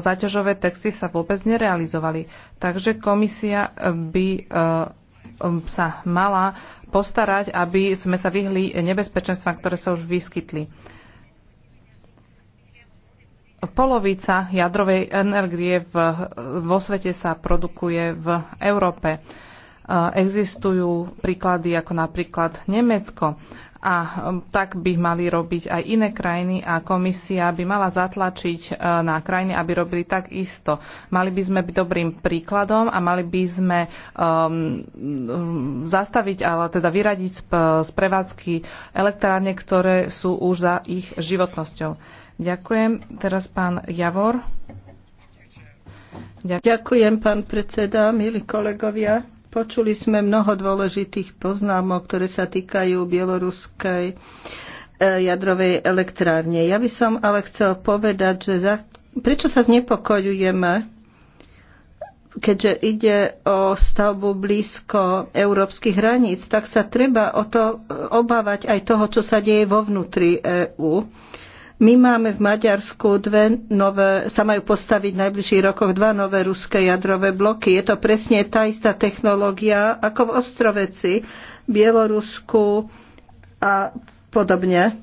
[SPEAKER 2] zaťažové texty sa vôbec nerealizovali. Takže komisia by e, sa mala postarať, aby sme sa vyhli nebezpečenstvám, ktoré sa už vyskytli polovica jadrovej energie v, vo svete sa produkuje v Európe. E, existujú príklady ako napríklad Nemecko a e, tak by mali robiť aj iné krajiny a komisia by mala zatlačiť e, na krajiny, aby robili tak isto. Mali by sme byť dobrým príkladom a mali by sme um, zastaviť, ale teda vyradiť z prevádzky elektrárne, ktoré sú už za ich životnosťou. Ďakujem. Teraz pán Javor. Ďakujem. Ďakujem, pán
[SPEAKER 1] predseda, milí kolegovia. Počuli sme mnoho dôležitých poznámok, ktoré sa týkajú bieloruskej e, jadrovej elektrárne. Ja by som ale chcel povedať, že za... prečo sa znepokojujeme, keďže ide o stavbu blízko európskych hraníc, tak sa treba o to e, obávať aj toho, čo sa deje vo vnútri EÚ. EU my máme v Maďarsku dve nové, sa majú postaviť v najbližších rokoch dva nové ruské jadrové bloky. Je to presne tá istá technológia ako v Ostroveci, Bielorusku a podobne.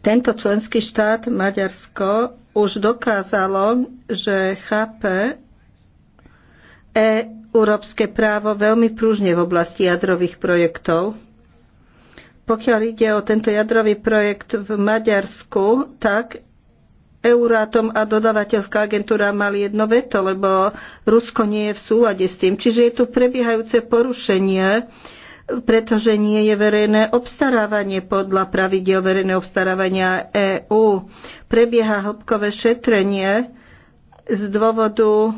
[SPEAKER 1] Tento členský štát Maďarsko už dokázalo, že chápe e európske právo veľmi pružne v oblasti jadrových projektov. Pokiaľ ide o tento jadrový projekt v Maďarsku, tak Eurátom a dodávateľská agentúra mali jedno veto, lebo Rusko nie je v súlade s tým. Čiže je tu prebiehajúce porušenie, pretože nie je verejné obstarávanie podľa pravidiel verejného obstarávania EÚ. Prebieha hĺbkové šetrenie z dôvodu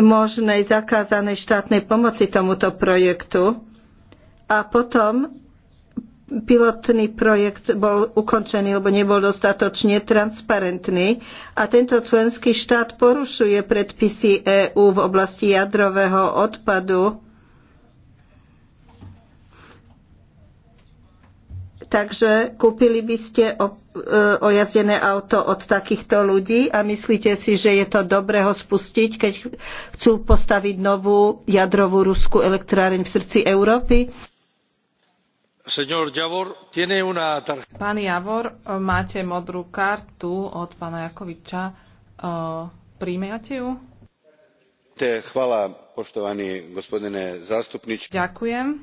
[SPEAKER 1] možnej zakázanej štátnej pomoci tomuto projektu. A potom pilotný projekt bol ukončený, lebo nebol dostatočne transparentný a tento členský štát porušuje predpisy EÚ v oblasti jadrového odpadu. Takže kúpili by ste o E, ojazdené auto od takýchto ľudí a myslíte si, že je to dobré ho spustiť, keď chcú postaviť novú jadrovú ruskú elektráreň v srdci Európy?
[SPEAKER 2] Pán Javor, máte modrú kartu od pána Jakoviča. E, príjmete ju?
[SPEAKER 1] Chvala, poštovaný gospodine zastupnič.
[SPEAKER 2] Ďakujem e,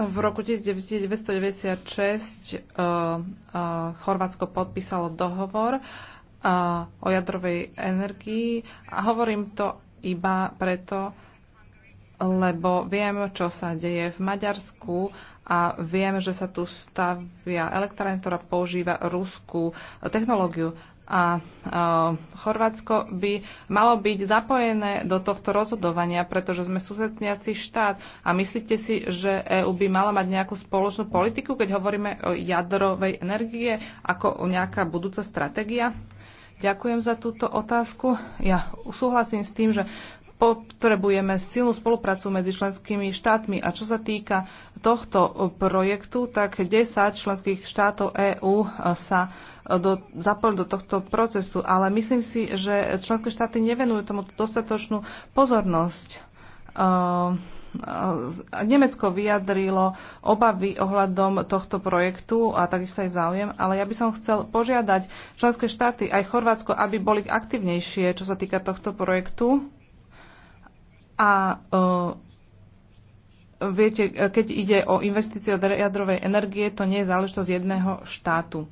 [SPEAKER 2] v roku 1996 e, e, Chorvátsko podpísalo dohovor e, o jadrovej energii a hovorím to iba preto, lebo viem, čo sa deje v Maďarsku a viem, že sa tu stavia elektrárne, ktorá používa ruskú technológiu a e, Chorvátsko by malo byť zapojené do tohto rozhodovania, pretože sme susedniaci štát a myslíte si, že EÚ by mala mať nejakú spoločnú politiku, keď hovoríme o jadrovej energie ako o nejaká budúca stratégia? Ďakujem za túto otázku. Ja súhlasím s tým, že potrebujeme silnú spoluprácu medzi členskými štátmi. A čo sa týka tohto projektu, tak 10 členských štátov EÚ sa do, zapojil do tohto procesu, ale myslím si, že členské štáty nevenujú tomu dostatočnú pozornosť. Uh, Nemecko vyjadrilo obavy ohľadom tohto projektu a takisto aj záujem, ale ja by som chcel požiadať členské štáty aj Chorvátsko, aby boli aktívnejšie, čo sa týka tohto projektu a e, viete, e, keď ide o investície od jadrovej energie, to nie je záležitosť jedného štátu.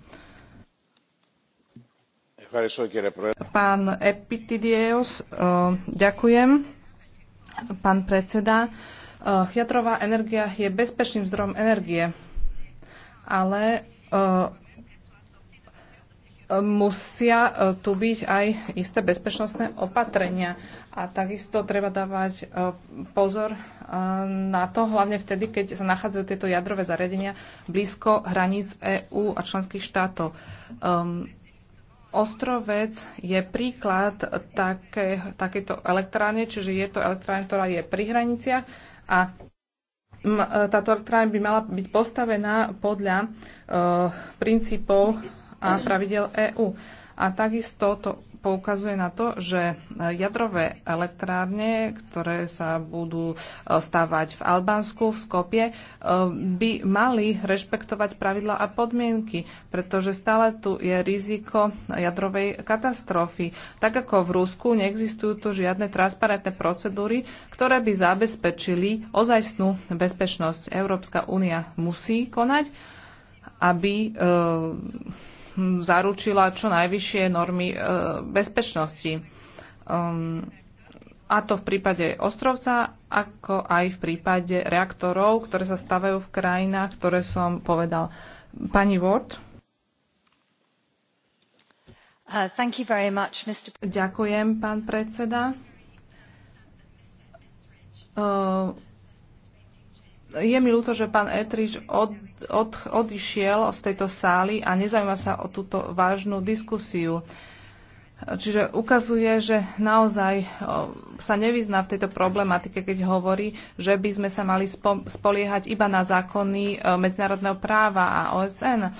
[SPEAKER 2] Pán Epitidios, e, ďakujem. Pán predseda, jadrová energia je bezpečným zdrojom energie, ale musia e, tu byť aj isté bezpečnostné opatrenia. A takisto treba dávať e, pozor e, na to, hlavne vtedy, keď sa nachádzajú tieto jadrové zariadenia blízko hraníc EÚ a členských štátov. Um, Ostrovec je príklad také, takéto elektrárne, čiže je to elektrárne, ktorá je pri hraniciach a táto elektrárne by mala byť postavená podľa uh, princípov a pravidel EÚ. A takisto to poukazuje na to, že jadrové elektrárne, ktoré sa budú e, stávať v Albánsku, v Skopie, e, by mali rešpektovať pravidla a podmienky, pretože stále tu je riziko jadrovej katastrofy. Tak ako v Rusku neexistujú tu žiadne transparentné procedúry, ktoré by zabezpečili ozajstnú bezpečnosť. Európska únia musí konať, aby e, Hm, zaručila čo najvyššie normy e, bezpečnosti. Ehm, a to v prípade ostrovca, ako aj v prípade reaktorov, ktoré sa stavajú v krajinách, ktoré som povedal. Pani Ward. Uh, much, Ďakujem, pán predseda. Uh, je mi ľúto, že pán Etrič od, od, odišiel z tejto sály a nezaujíma sa o túto vážnu diskusiu. Čiže ukazuje, že naozaj sa nevyzná v tejto problematike, keď hovorí, že by sme sa mali spoliehať iba na zákony e, medzinárodného práva a OSN, um,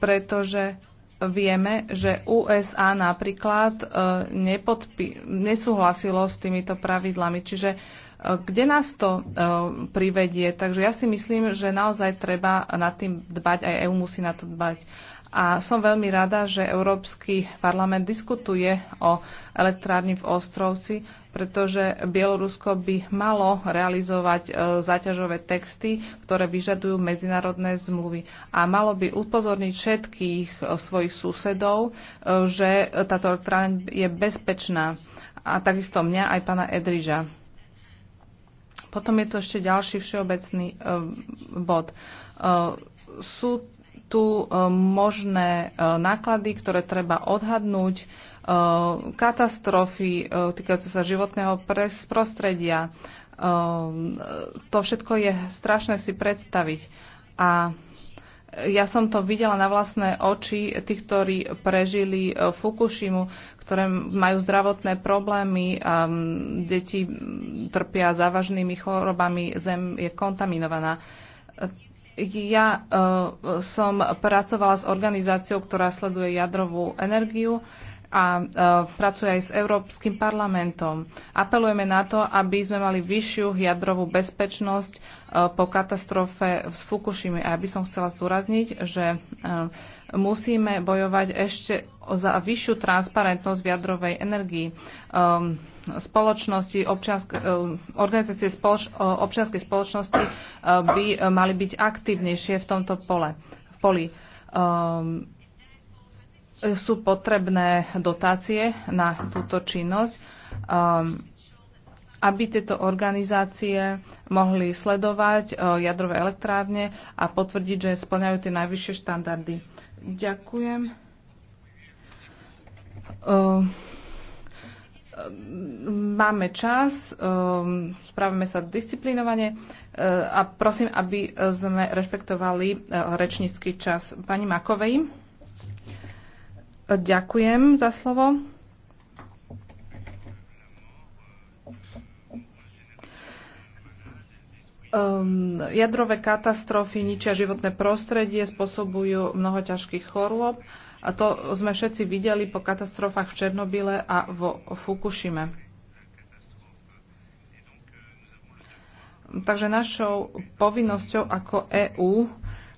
[SPEAKER 2] pretože vieme, že USA napríklad uh, nepodpi- nesúhlasilo s týmito pravidlami. Čiže uh, kde nás to e, privedie. Takže ja si myslím, že naozaj treba nad tým dbať, aj EU musí na to dbať. A som veľmi rada, že Európsky parlament diskutuje o elektrárni v Ostrovci, pretože Bielorusko by malo realizovať e, záťažové texty, ktoré vyžadujú medzinárodné zmluvy. A malo by upozorniť všetkých e, svojich susedov, že táto elektrárne je bezpečná. A takisto mňa aj pána Edriža. Potom je tu ešte ďalší všeobecný eh, bod. Eh, sú tu eh, možné náklady, ktoré treba odhadnúť, katastrofy týkajúce sa životného prostredia. To všetko je strašné si predstaviť. A ja som to videla na vlastné oči, tých, ktorí prežili e, Fukushimu, ktoré majú zdravotné problémy, a deti trpia závažnými chorobami, zem je kontaminovaná. Ja e, som pracovala s organizáciou, ktorá sleduje jadrovú energiu a e, pracuje aj s Európskym parlamentom. Apelujeme na to, aby sme mali vyššiu jadrovú bezpečnosť e, po katastrofe s Fukushimi. A ja by som chcela zdôrazniť, že e, musíme bojovať ešte za vyššiu transparentnosť v jadrovej energii. spoločnosti, občiansk- organizácie spoloč- občianskej spoločnosti by mali byť aktívnejšie v tomto pole, v poli sú potrebné dotácie na túto činnosť, um, aby tieto organizácie mohli sledovať uh, jadrové elektrárne a potvrdiť, že splňajú tie najvyššie štandardy. Ďakujem. Um, máme čas, um, správame sa disciplinovane uh, a prosím, aby sme rešpektovali uh, rečnícky čas pani Makovej. Ďakujem za slovo. Um, jadrové katastrofy ničia životné prostredie, spôsobujú mnoho ťažkých chorôb a to sme všetci videli po katastrofách v Černobyle a vo Fukushime. Takže našou povinnosťou ako EÚ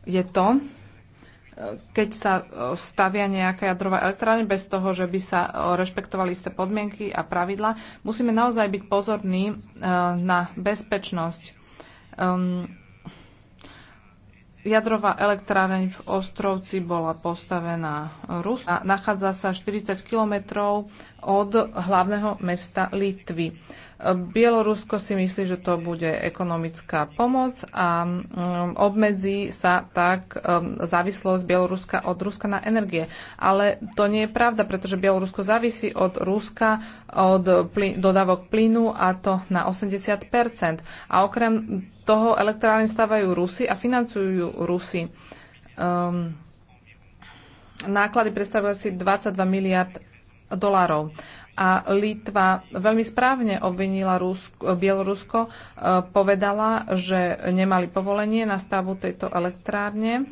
[SPEAKER 2] je to, keď sa e, stavia nejaká jadrová elektrárne bez toho, že by sa e, rešpektovali isté podmienky a pravidla, musíme naozaj byť pozorní e, na bezpečnosť. Ehm, jadrová elektráreň v Ostrovci bola postavená Rus a nachádza sa 40 kilometrov od hlavného mesta Litvy Bielorusko si myslí, že to bude ekonomická pomoc a mm, obmedzí sa tak mm, závislosť Bieloruska od Ruska na energie. Ale to nie je pravda, pretože Bielorusko závisí od Ruska, od plín, dodávok plynu a to na 80 A okrem toho elektrárne stavajú Rusy a financujú Rusy. Um, ehm, náklady predstavujú asi 22 miliard dolárov a Litva veľmi správne obvinila Rusko, Bielorusko, e, povedala, že nemali povolenie na stavu tejto elektrárne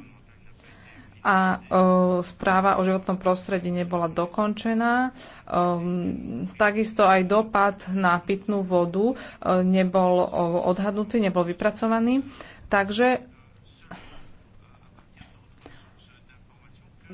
[SPEAKER 2] a e, správa o životnom prostredí nebola dokončená. E, takisto aj dopad na pitnú vodu nebol odhadnutý, nebol vypracovaný. Takže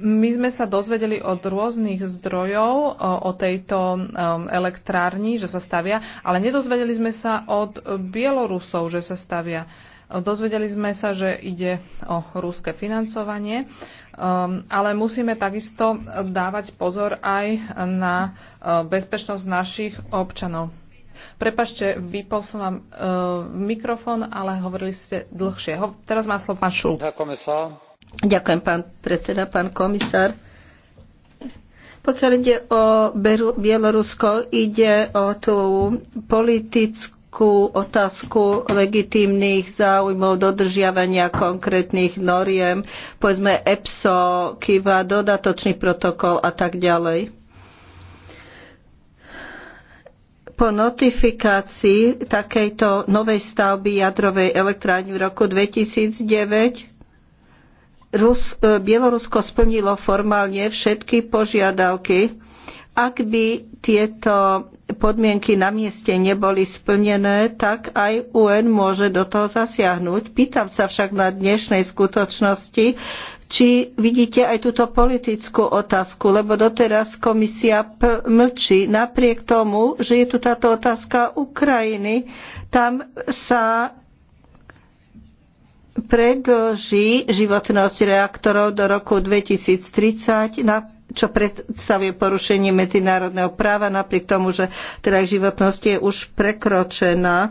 [SPEAKER 2] my sme sa dozvedeli od rôznych zdrojov o tejto um, elektrárni, že sa stavia, ale nedozvedeli sme sa od Bielorusov, že sa stavia. Dozvedeli sme sa, že ide o ruské financovanie, um, ale musíme takisto dávať pozor aj na uh, bezpečnosť našich občanov. Prepašte, vypol som vám uh, mikrofón, ale hovorili ste dlhšie. Ho, teraz má slovo pán Šul. Ďakujem, pán predseda, pán komisár.
[SPEAKER 1] Pokiaľ ide o Bielorusko, ide o tú politickú otázku legitímnych záujmov dodržiavania konkrétnych noriem, povedzme EPSO, KIVA, dodatočný protokol a tak ďalej. po notifikácii takejto novej stavby jadrovej elektrárne v roku 2009 Rus, e, Bielorusko splnilo formálne všetky požiadavky. Ak by tieto podmienky na mieste neboli splnené, tak aj UN môže do toho zasiahnuť. Pýtam sa však na dnešnej skutočnosti, či vidíte aj túto politickú otázku, lebo doteraz komisia mlčí napriek tomu, že je tu táto otázka Ukrajiny. Tam sa predlží životnosť reaktorov do roku 2030 na čo predstavuje porušenie medzinárodného práva, napriek tomu, že teda ich životnosť je už prekročená.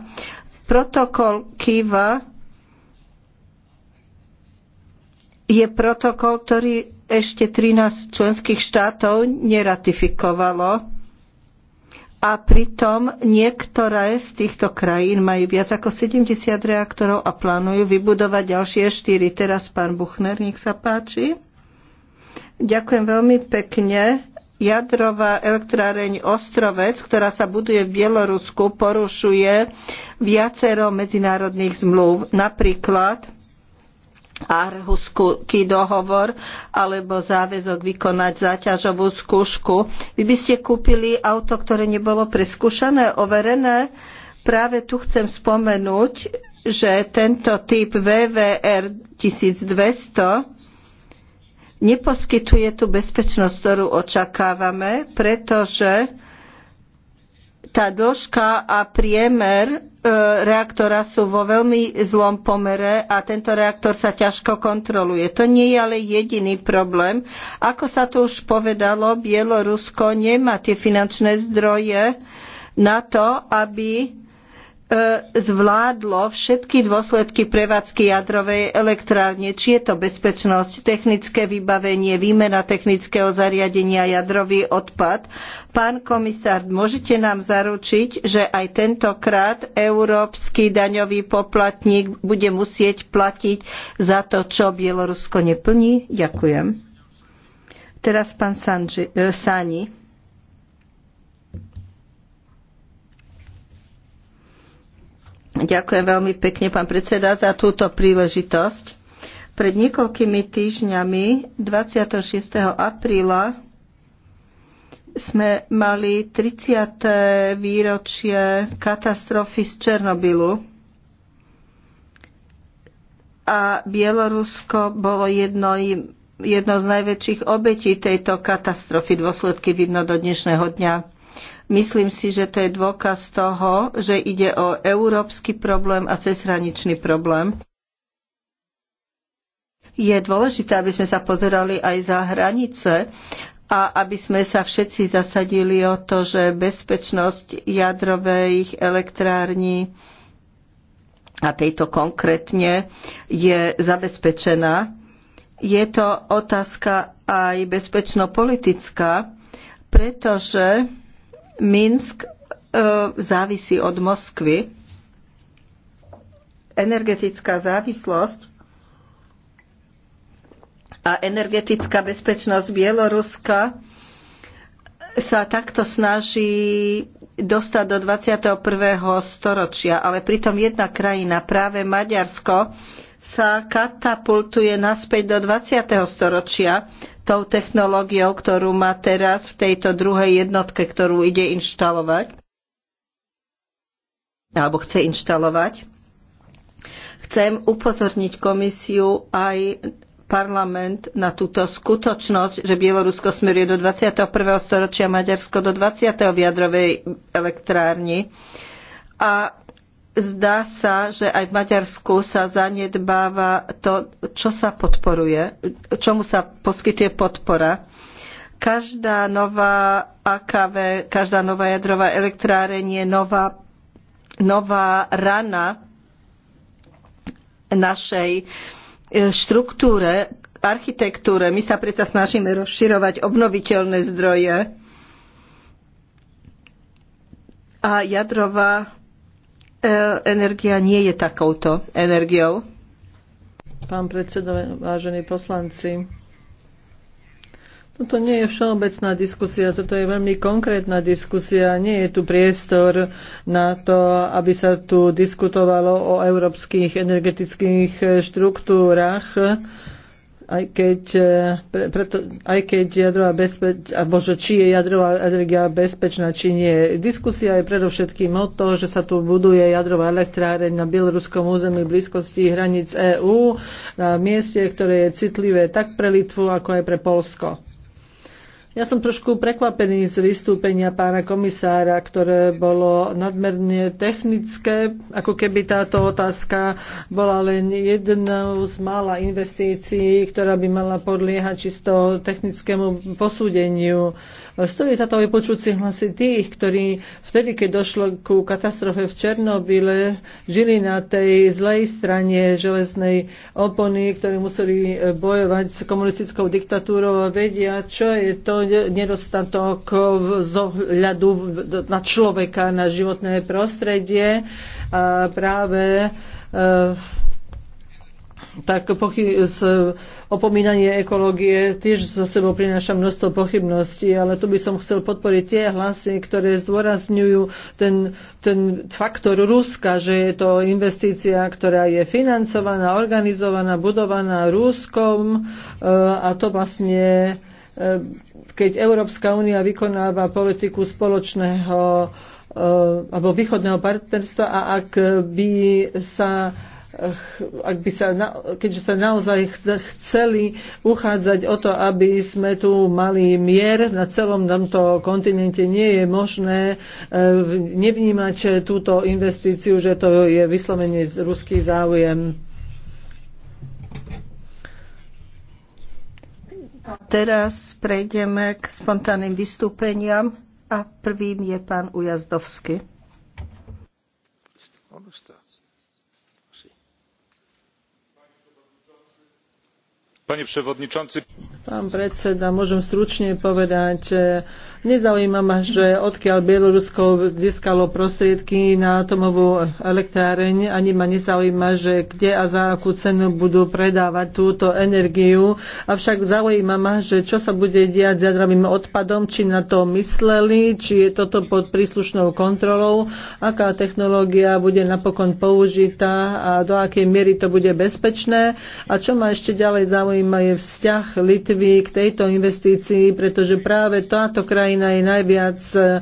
[SPEAKER 1] Protokol Kiva je protokol, ktorý ešte 13 členských štátov neratifikovalo a pritom niektoré z týchto krajín majú viac ako 70 reaktorov a plánujú vybudovať ďalšie 4. Teraz pán Buchner, nech sa páči. Ďakujem veľmi pekne. Jadrová elektráreň Ostrovec, ktorá sa buduje v Bielorusku, porušuje viacero medzinárodných zmluv. Napríklad Arhuský dohovor alebo záväzok vykonať záťažovú skúšku. Vy by ste kúpili auto, ktoré nebolo preskúšané, overené. Práve tu chcem spomenúť, že tento typ VVR 1200 neposkytuje tú bezpečnosť, ktorú očakávame, pretože tá dĺžka a priemer e, reaktora sú vo veľmi zlom pomere a tento reaktor sa ťažko kontroluje. To nie je ale jediný problém. Ako sa tu už povedalo, Bielorusko nemá tie finančné zdroje na to, aby E, zvládlo všetky dôsledky prevádzky jadrovej elektrárne, či je to bezpečnosť, technické vybavenie, výmena technického zariadenia, jadrový odpad. Pán komisár, môžete nám zaručiť, že aj tentokrát európsky daňový poplatník bude musieť platiť za to, čo Bielorusko neplní? Ďakujem. Teraz pán Sani. E, Ďakujem veľmi pekne, pán predseda, za túto príležitosť. Pred niekoľkými týždňami, 26. apríla, sme mali 30. výročie katastrofy z Černobylu a Bielorusko bolo jedno, jednou z najväčších obetí tejto katastrofy. Dôsledky vidno do dnešného dňa. Myslím si, že to je dôkaz toho, že ide o európsky problém a cezhraničný problém. Je dôležité, aby sme sa pozerali aj za hranice a aby sme sa všetci zasadili o to, že bezpečnosť jadrových elektrární a tejto konkrétne je zabezpečená. Je to otázka aj bezpečno-politická, pretože Minsk e, závisí od Moskvy. Energetická závislosť a energetická bezpečnosť Bieloruska sa takto snaží dostať do 21. storočia, ale pritom jedna krajina, práve Maďarsko, sa katapultuje naspäť do 20. storočia tou technológiou, ktorú má teraz v tejto druhej jednotke, ktorú ide inštalovať alebo chce inštalovať. Chcem upozorniť komisiu aj parlament na túto skutočnosť, že Bielorusko smeruje do 21. storočia, Maďarsko do 20. v jadrovej elektrárni. A Zdá sa, že aj v Maďarsku sa zanedbáva to, čo sa podporuje, čomu sa poskytuje podpora. Každá nová AKV, každá nová jadrová elektráreň je nová, nová rana našej e, štruktúre, architektúre. My sa predsa snažíme rozširovať obnoviteľné zdroje a jadrová E, energia nie je takouto energiou.
[SPEAKER 3] Pán predseda, vážení poslanci, toto nie je všeobecná diskusia, toto je veľmi konkrétna diskusia. Nie je tu priestor na to, aby sa tu diskutovalo o európskych energetických štruktúrach aj keď, e, pre, preto, aj keď jadrová bezpeč, bože, či je jadrová energia bezpečná, či nie. Diskusia je predovšetkým o to, že sa tu buduje jadrová elektráreň na bieloruskom území v blízkosti hraníc EÚ, na mieste, ktoré je citlivé tak pre Litvu, ako aj pre Polsko. Ja som trošku prekvapený z vystúpenia pána komisára, ktoré bolo nadmerne technické, ako keby táto otázka bola len jednou z mála investícií, ktorá by mala podliehať čisto technickému posúdeniu. Stojí sa to aj počúci hlasy tých, ktorí vtedy, keď došlo ku katastrofe v Černobyle, žili na tej zlej strane železnej opony, ktorí museli bojovať s komunistickou diktatúrou a vedia, čo je to, nedostatok zohľadu na človeka, na životné prostredie. A práve e, tak pochy- z, opomínanie ekológie tiež za sebou prináša množstvo pochybností, ale tu by som chcel podporiť tie hlasy, ktoré zdôrazňujú ten, ten faktor Ruska, že je to investícia, ktorá je financovaná, organizovaná, budovaná Ruskom e, a to vlastne E, keď Európska únia vykonáva politiku spoločného e, alebo východného partnerstva a ak by sa ak by sa, keďže sa naozaj chceli uchádzať o to, aby sme tu mali mier na celom tomto kontinente, nie je možné nevnímať túto investíciu, že to je vyslovene ruský záujem. Teraz prejdeme
[SPEAKER 1] k spontánnym vystúpeniam a prvým je pán Ujazdovský.
[SPEAKER 3] Pán predseda, môžem stručne povedať, že Nezaujíma ma, že odkiaľ Bielorusko získalo prostriedky na atomovú elektráreň, ani ma nezaujíma, že kde a za akú cenu budú predávať túto energiu. Avšak zaujíma ma, že čo sa bude diať s jadravým odpadom, či na to mysleli, či je toto pod príslušnou kontrolou, aká technológia bude napokon použitá a do akej miery to bude bezpečné. A čo ma ešte ďalej zaujíma, je vzťah Litvy k tejto investícii, pretože práve táto krajina krajina je najviac eh,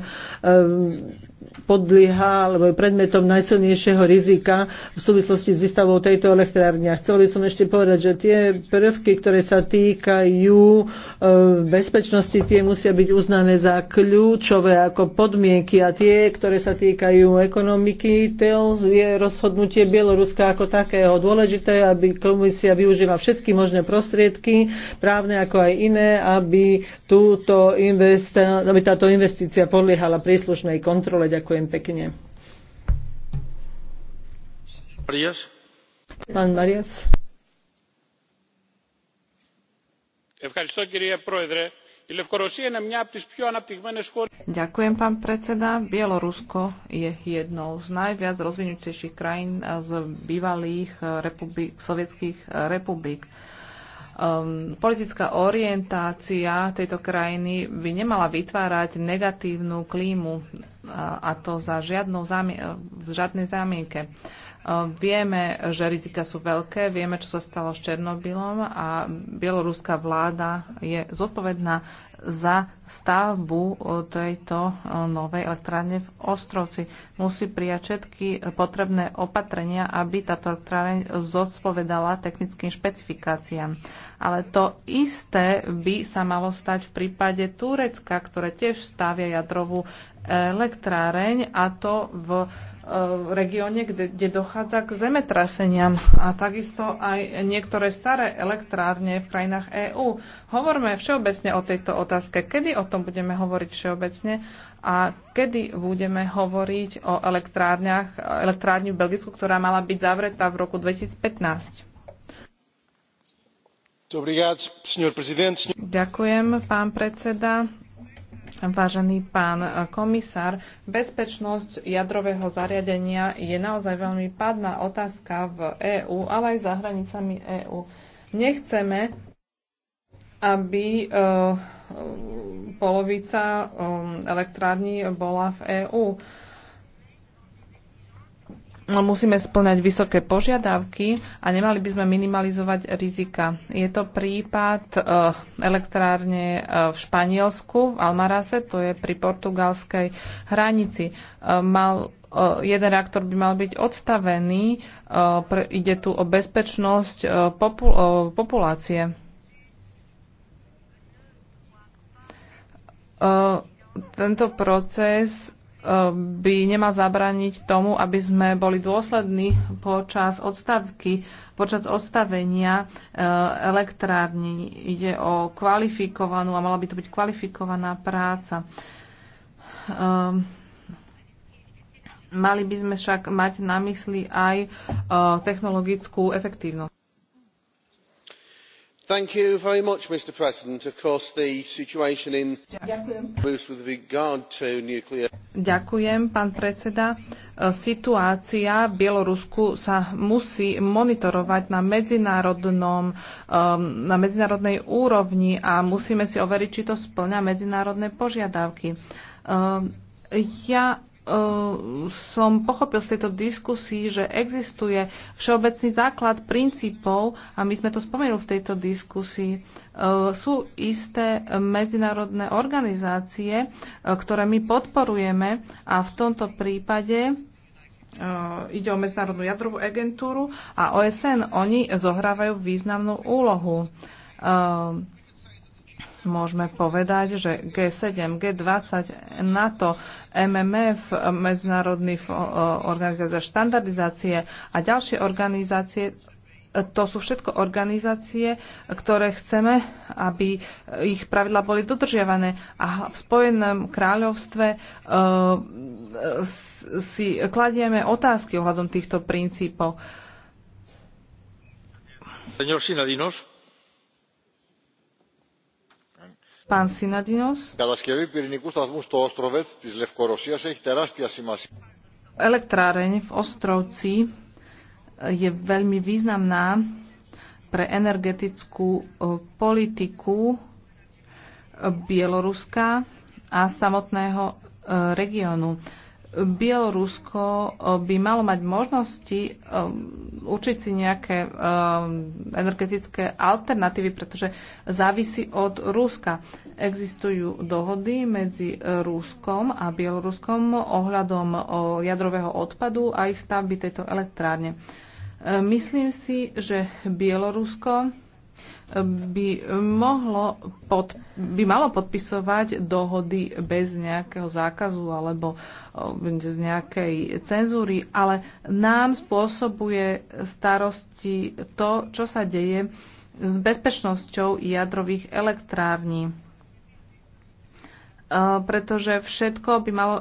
[SPEAKER 3] podlieha alebo je predmetom najsilnejšieho rizika v súvislosti s výstavou tejto elektrárne. A chcel by som ešte povedať, že tie prvky, ktoré sa týkajú e, bezpečnosti, tie musia byť uznané za kľúčové ako podmienky a tie, ktoré sa týkajú ekonomiky, to je rozhodnutie Bieloruska ako takého. Dôležité, aby komisia využila všetky možné prostriedky, právne ako aj iné, aby, túto investi- aby táto investícia podliehala príslušnej kontrole. Ďakujem. Ďakujem pekne. Marias. Pán Marias.
[SPEAKER 2] Ευχαριστώ κύριε Πρόεδρε. Η Λευκορωσία είναι μια από τις πιο αναπτυγμένες χώρες. Ďakujem, pán predseda. Bielorusko je jednou z najviac rozvinutejších krajín z bývalých republik, sovietských republik um, politická orientácia tejto krajiny by nemala vytvárať negatívnu klímu a, a to za žiadnou zami- v žiadnej zámienke. Um, vieme, že rizika sú veľké, vieme, čo sa stalo s Černobylom a bieloruská vláda je zodpovedná za stavbu eh, tejto eh, novej elektrárne v Ostrovci. Musí prijať všetky potrebné opatrenia, aby táto elektrárne zodpovedala technickým špecifikáciám. Ale to isté by sa malo stať v prípade Turecka, ktoré tiež stavia jadrovú eh, elektráreň a to v regióne, kde, kde dochádza k zemetraseniam a takisto aj niektoré staré elektrárne v krajinách EÚ. Hovorme všeobecne o tejto otázke. Kedy o tom budeme hovoriť všeobecne a kedy budeme hovoriť o elektrárniach, elektrárni v Belgicku, ktorá mala byť zavretá v roku 2015. Ďakujem, pán predseda. Vážený pán komisár, bezpečnosť jadrového zariadenia je naozaj veľmi padná otázka v EÚ, ale aj za hranicami EÚ. Nechceme, aby uh, polovica um, elektrární bola v EÚ. No, musíme splňať vysoké požiadavky a nemali by sme minimalizovať rizika. Je to prípad uh, elektrárne uh, v Španielsku, v Almarase, to je pri portugalskej hranici. Uh, mal jeden reaktor by mal byť odstavený. Ide tu o bezpečnosť populácie. Eh, tento proces eh, by nemal zabrániť tomu, aby sme boli dôslední počas odstavky, počas odstavenia eh, elektrární. Ide o kvalifikovanú a mala by to byť kvalifikovaná práca. Mali by sme však mať na mysli aj technologickú efektívnosť
[SPEAKER 3] mr president of course the situation in with regard to nuclear.
[SPEAKER 2] ďakujem pán predseda e, situácia v bielorusku sa musí monitorovať na medzinárodnom e, na medzinárodnej úrovni a musíme si overiť či to spĺňa medzinárodné požiadavky e, ja Ehm, som pochopil z tejto diskusii, že existuje všeobecný základ princípov a my sme to spomenuli v tejto diskusii. Ehm, sú isté medzinárodné organizácie, ehm, ktoré my podporujeme a v tomto prípade ide o Medzinárodnú jadrovú agentúru a OSN. Oni zohrávajú významnú úlohu môžeme povedať, že G7, G20, NATO, MMF, Medzinárodný organizácia štandardizácie a ďalšie organizácie, to sú všetko organizácie, ktoré chceme, aby ich pravidla boli dodržiavané. A v Spojenom kráľovstve e, si kladieme otázky ohľadom týchto princípov. Señor Sinadinos. Pán Sinadinos. Elektráreň v Ostrovci eh, je veľmi významná pre energetickú eh, politiku eh, Bieloruska a samotného regiónu. Bielorusko eh, by malo mať možnosti eh, určiť si nejaké eh, energetické alternatívy, pretože závisí od Ruska. Existujú dohody medzi Ruskom a Bieloruskom ohľadom jadrového odpadu a ich stavby tejto elektrárne. Myslím si, že Bielorusko by, mohlo pod, by malo podpisovať dohody bez nejakého zákazu alebo e, z nejakej cenzúry, ale nám spôsobuje starosti to, čo sa deje s bezpečnosťou jadrových elektrární. E, pretože všetko by malo,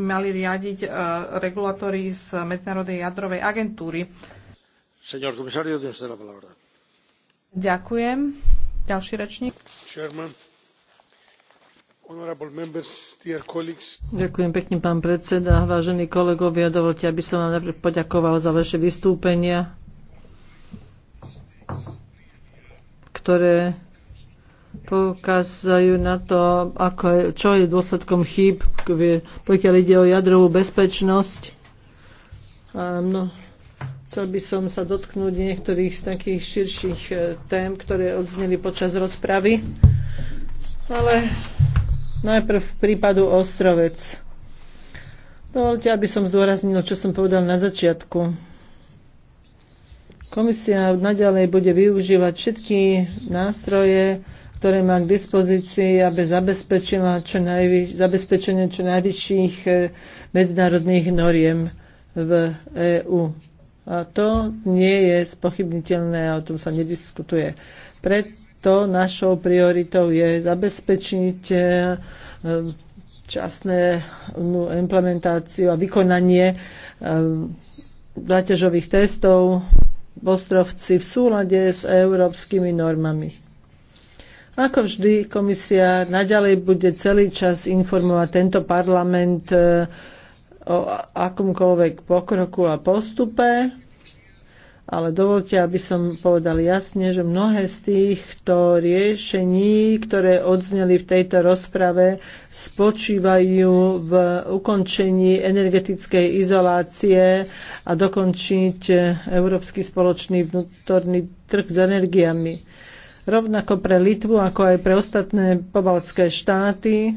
[SPEAKER 2] mali riadiť e, regulátory z Medzinárodnej jadrovej agentúry. Señor komisario, tiene usted la palabra. Ďakujem. Ďalší rečník.
[SPEAKER 3] Ďakujem pekne, pán predseda. Vážení kolegovia, dovolte, aby som vám najprv poďakoval za vaše vystúpenia, ktoré poukazujú na to, ako, čo je dôsledkom chýb, pokiaľ ide o jadrovú bezpečnosť. A Chcel by som sa dotknúť niektorých z takých širších e, tém, ktoré odzneli počas rozpravy. Ale najprv v prípadu Ostrovec. Dovolte, aby som zdôraznil, čo som povedal na začiatku. Komisia naďalej bude využívať všetky nástroje, ktoré má k dispozícii, aby zabezpečila čo zabezpečenie čo najvyšších e, medzinárodných noriem v EÚ. A to nie je spochybniteľné a o tom sa nediskutuje. Preto našou prioritou je zabezpečiť e, časné no, implementáciu a vykonanie e, záťažových testov v ostrovci v súlade s európskymi normami. Ako vždy, komisia naďalej bude celý čas informovať tento parlament e, o akomkoľvek pokroku a postupe, ale dovolte, aby som povedal jasne, že mnohé z týchto riešení, ktoré odzneli v tejto rozprave, spočívajú v ukončení energetickej izolácie a dokončiť európsky spoločný vnútorný trh s energiami. Rovnako pre Litvu, ako aj pre ostatné pobalské štáty,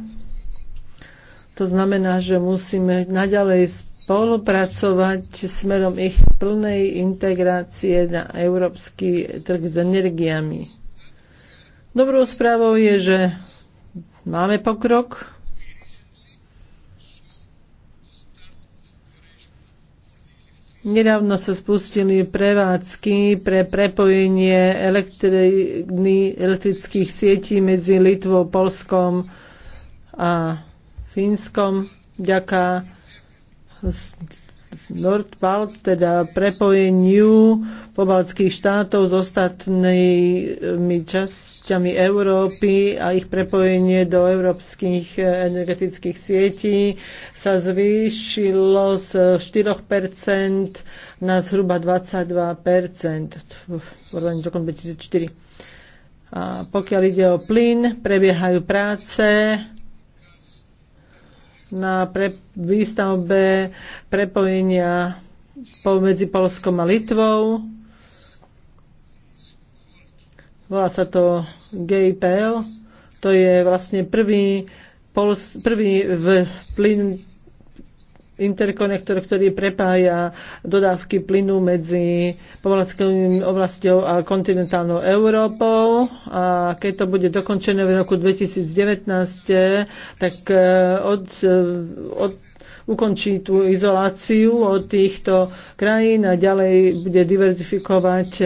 [SPEAKER 3] to znamená, že musíme naďalej spolupracovať smerom ich plnej integrácie na európsky trh s energiami. Dobrou správou je, že máme pokrok. Nedávno sa spustili prevádzky pre prepojenie elektrických sietí medzi Litvou, Polskom a Fínskom ďaká Nordbalt, teda prepojeniu pobaltských štátov s ostatnými časťami Európy a ich prepojenie do európskych eh, energetických sietí sa zvýšilo z 4% na zhruba 22% v roku 2004. A pokiaľ ide o plyn, prebiehajú práce na pre, výstavbe prepojenia medzi Polskom a Litvou. Volá sa to GPL, To je vlastne prvý, pols, prvý v plyn interkonektor, ktorý prepája dodávky plynu medzi povolackým oblastou a kontinentálnou Európou. A keď to bude dokončené v roku 2019, tak e, od, e, od ukončí tú izoláciu od týchto krajín a ďalej bude diverzifikovať e,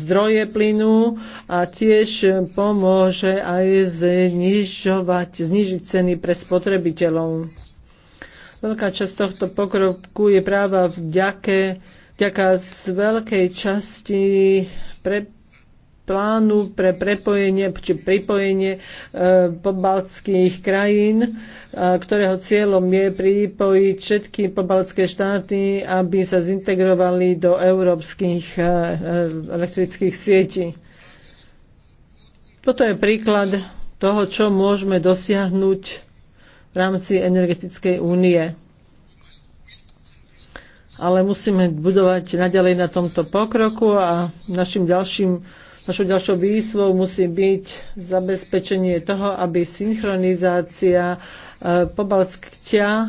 [SPEAKER 3] zdroje plynu a tiež pomôže aj znižovať, znižiť ceny pre spotrebiteľov. Veľká časť tohto pokroku je práva vďake, vďaka z veľkej časti pre plánu pre prepojenie či pripojenie e, pobaltských krajín, e, ktorého cieľom je pripojiť všetky pobaltské štáty, aby sa zintegrovali do európskych e, e elektrických sietí. Toto je príklad toho, čo môžeme dosiahnuť v rámci energetickej únie. Ale musíme budovať naďalej na tomto pokroku a našim ďalším, našou ďalšou výzvou musí byť zabezpečenie toho, aby synchronizácia e, pobalskťa e,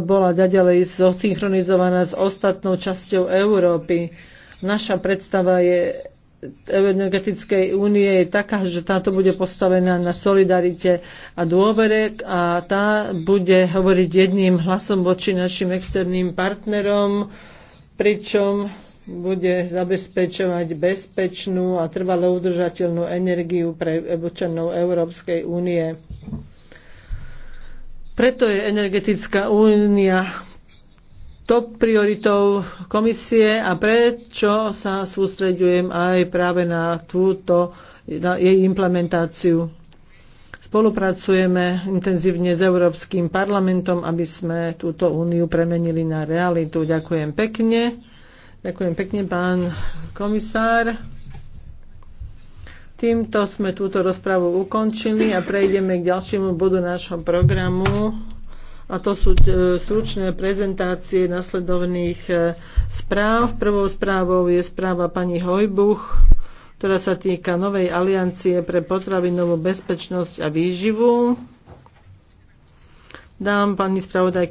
[SPEAKER 3] bola ďalej zosynchronizovaná s ostatnou časťou Európy. Naša predstava je energetickej únie je taká, že táto bude postavená na solidarite a dôvere a tá bude hovoriť jedným hlasom voči našim externým partnerom, pričom bude zabezpečovať bezpečnú a trvalo udržateľnú energiu pre občanov Európskej únie. Preto je energetická únia top prioritou komisie a prečo sa sústreďujem aj práve na túto na jej implementáciu. Spolupracujeme intenzívne s Európskym parlamentom, aby sme túto úniu premenili na realitu. Ďakujem pekne. Ďakujem pekne, pán komisár. Týmto sme túto rozpravu ukončili a prejdeme k ďalšiemu bodu nášho programu a to sú e, stručné prezentácie nasledovných e, správ. Prvou správou je správa pani Hojbuch, ktorá sa týka novej aliancie pre potravinovú bezpečnosť a výživu. Dám pani spravodajky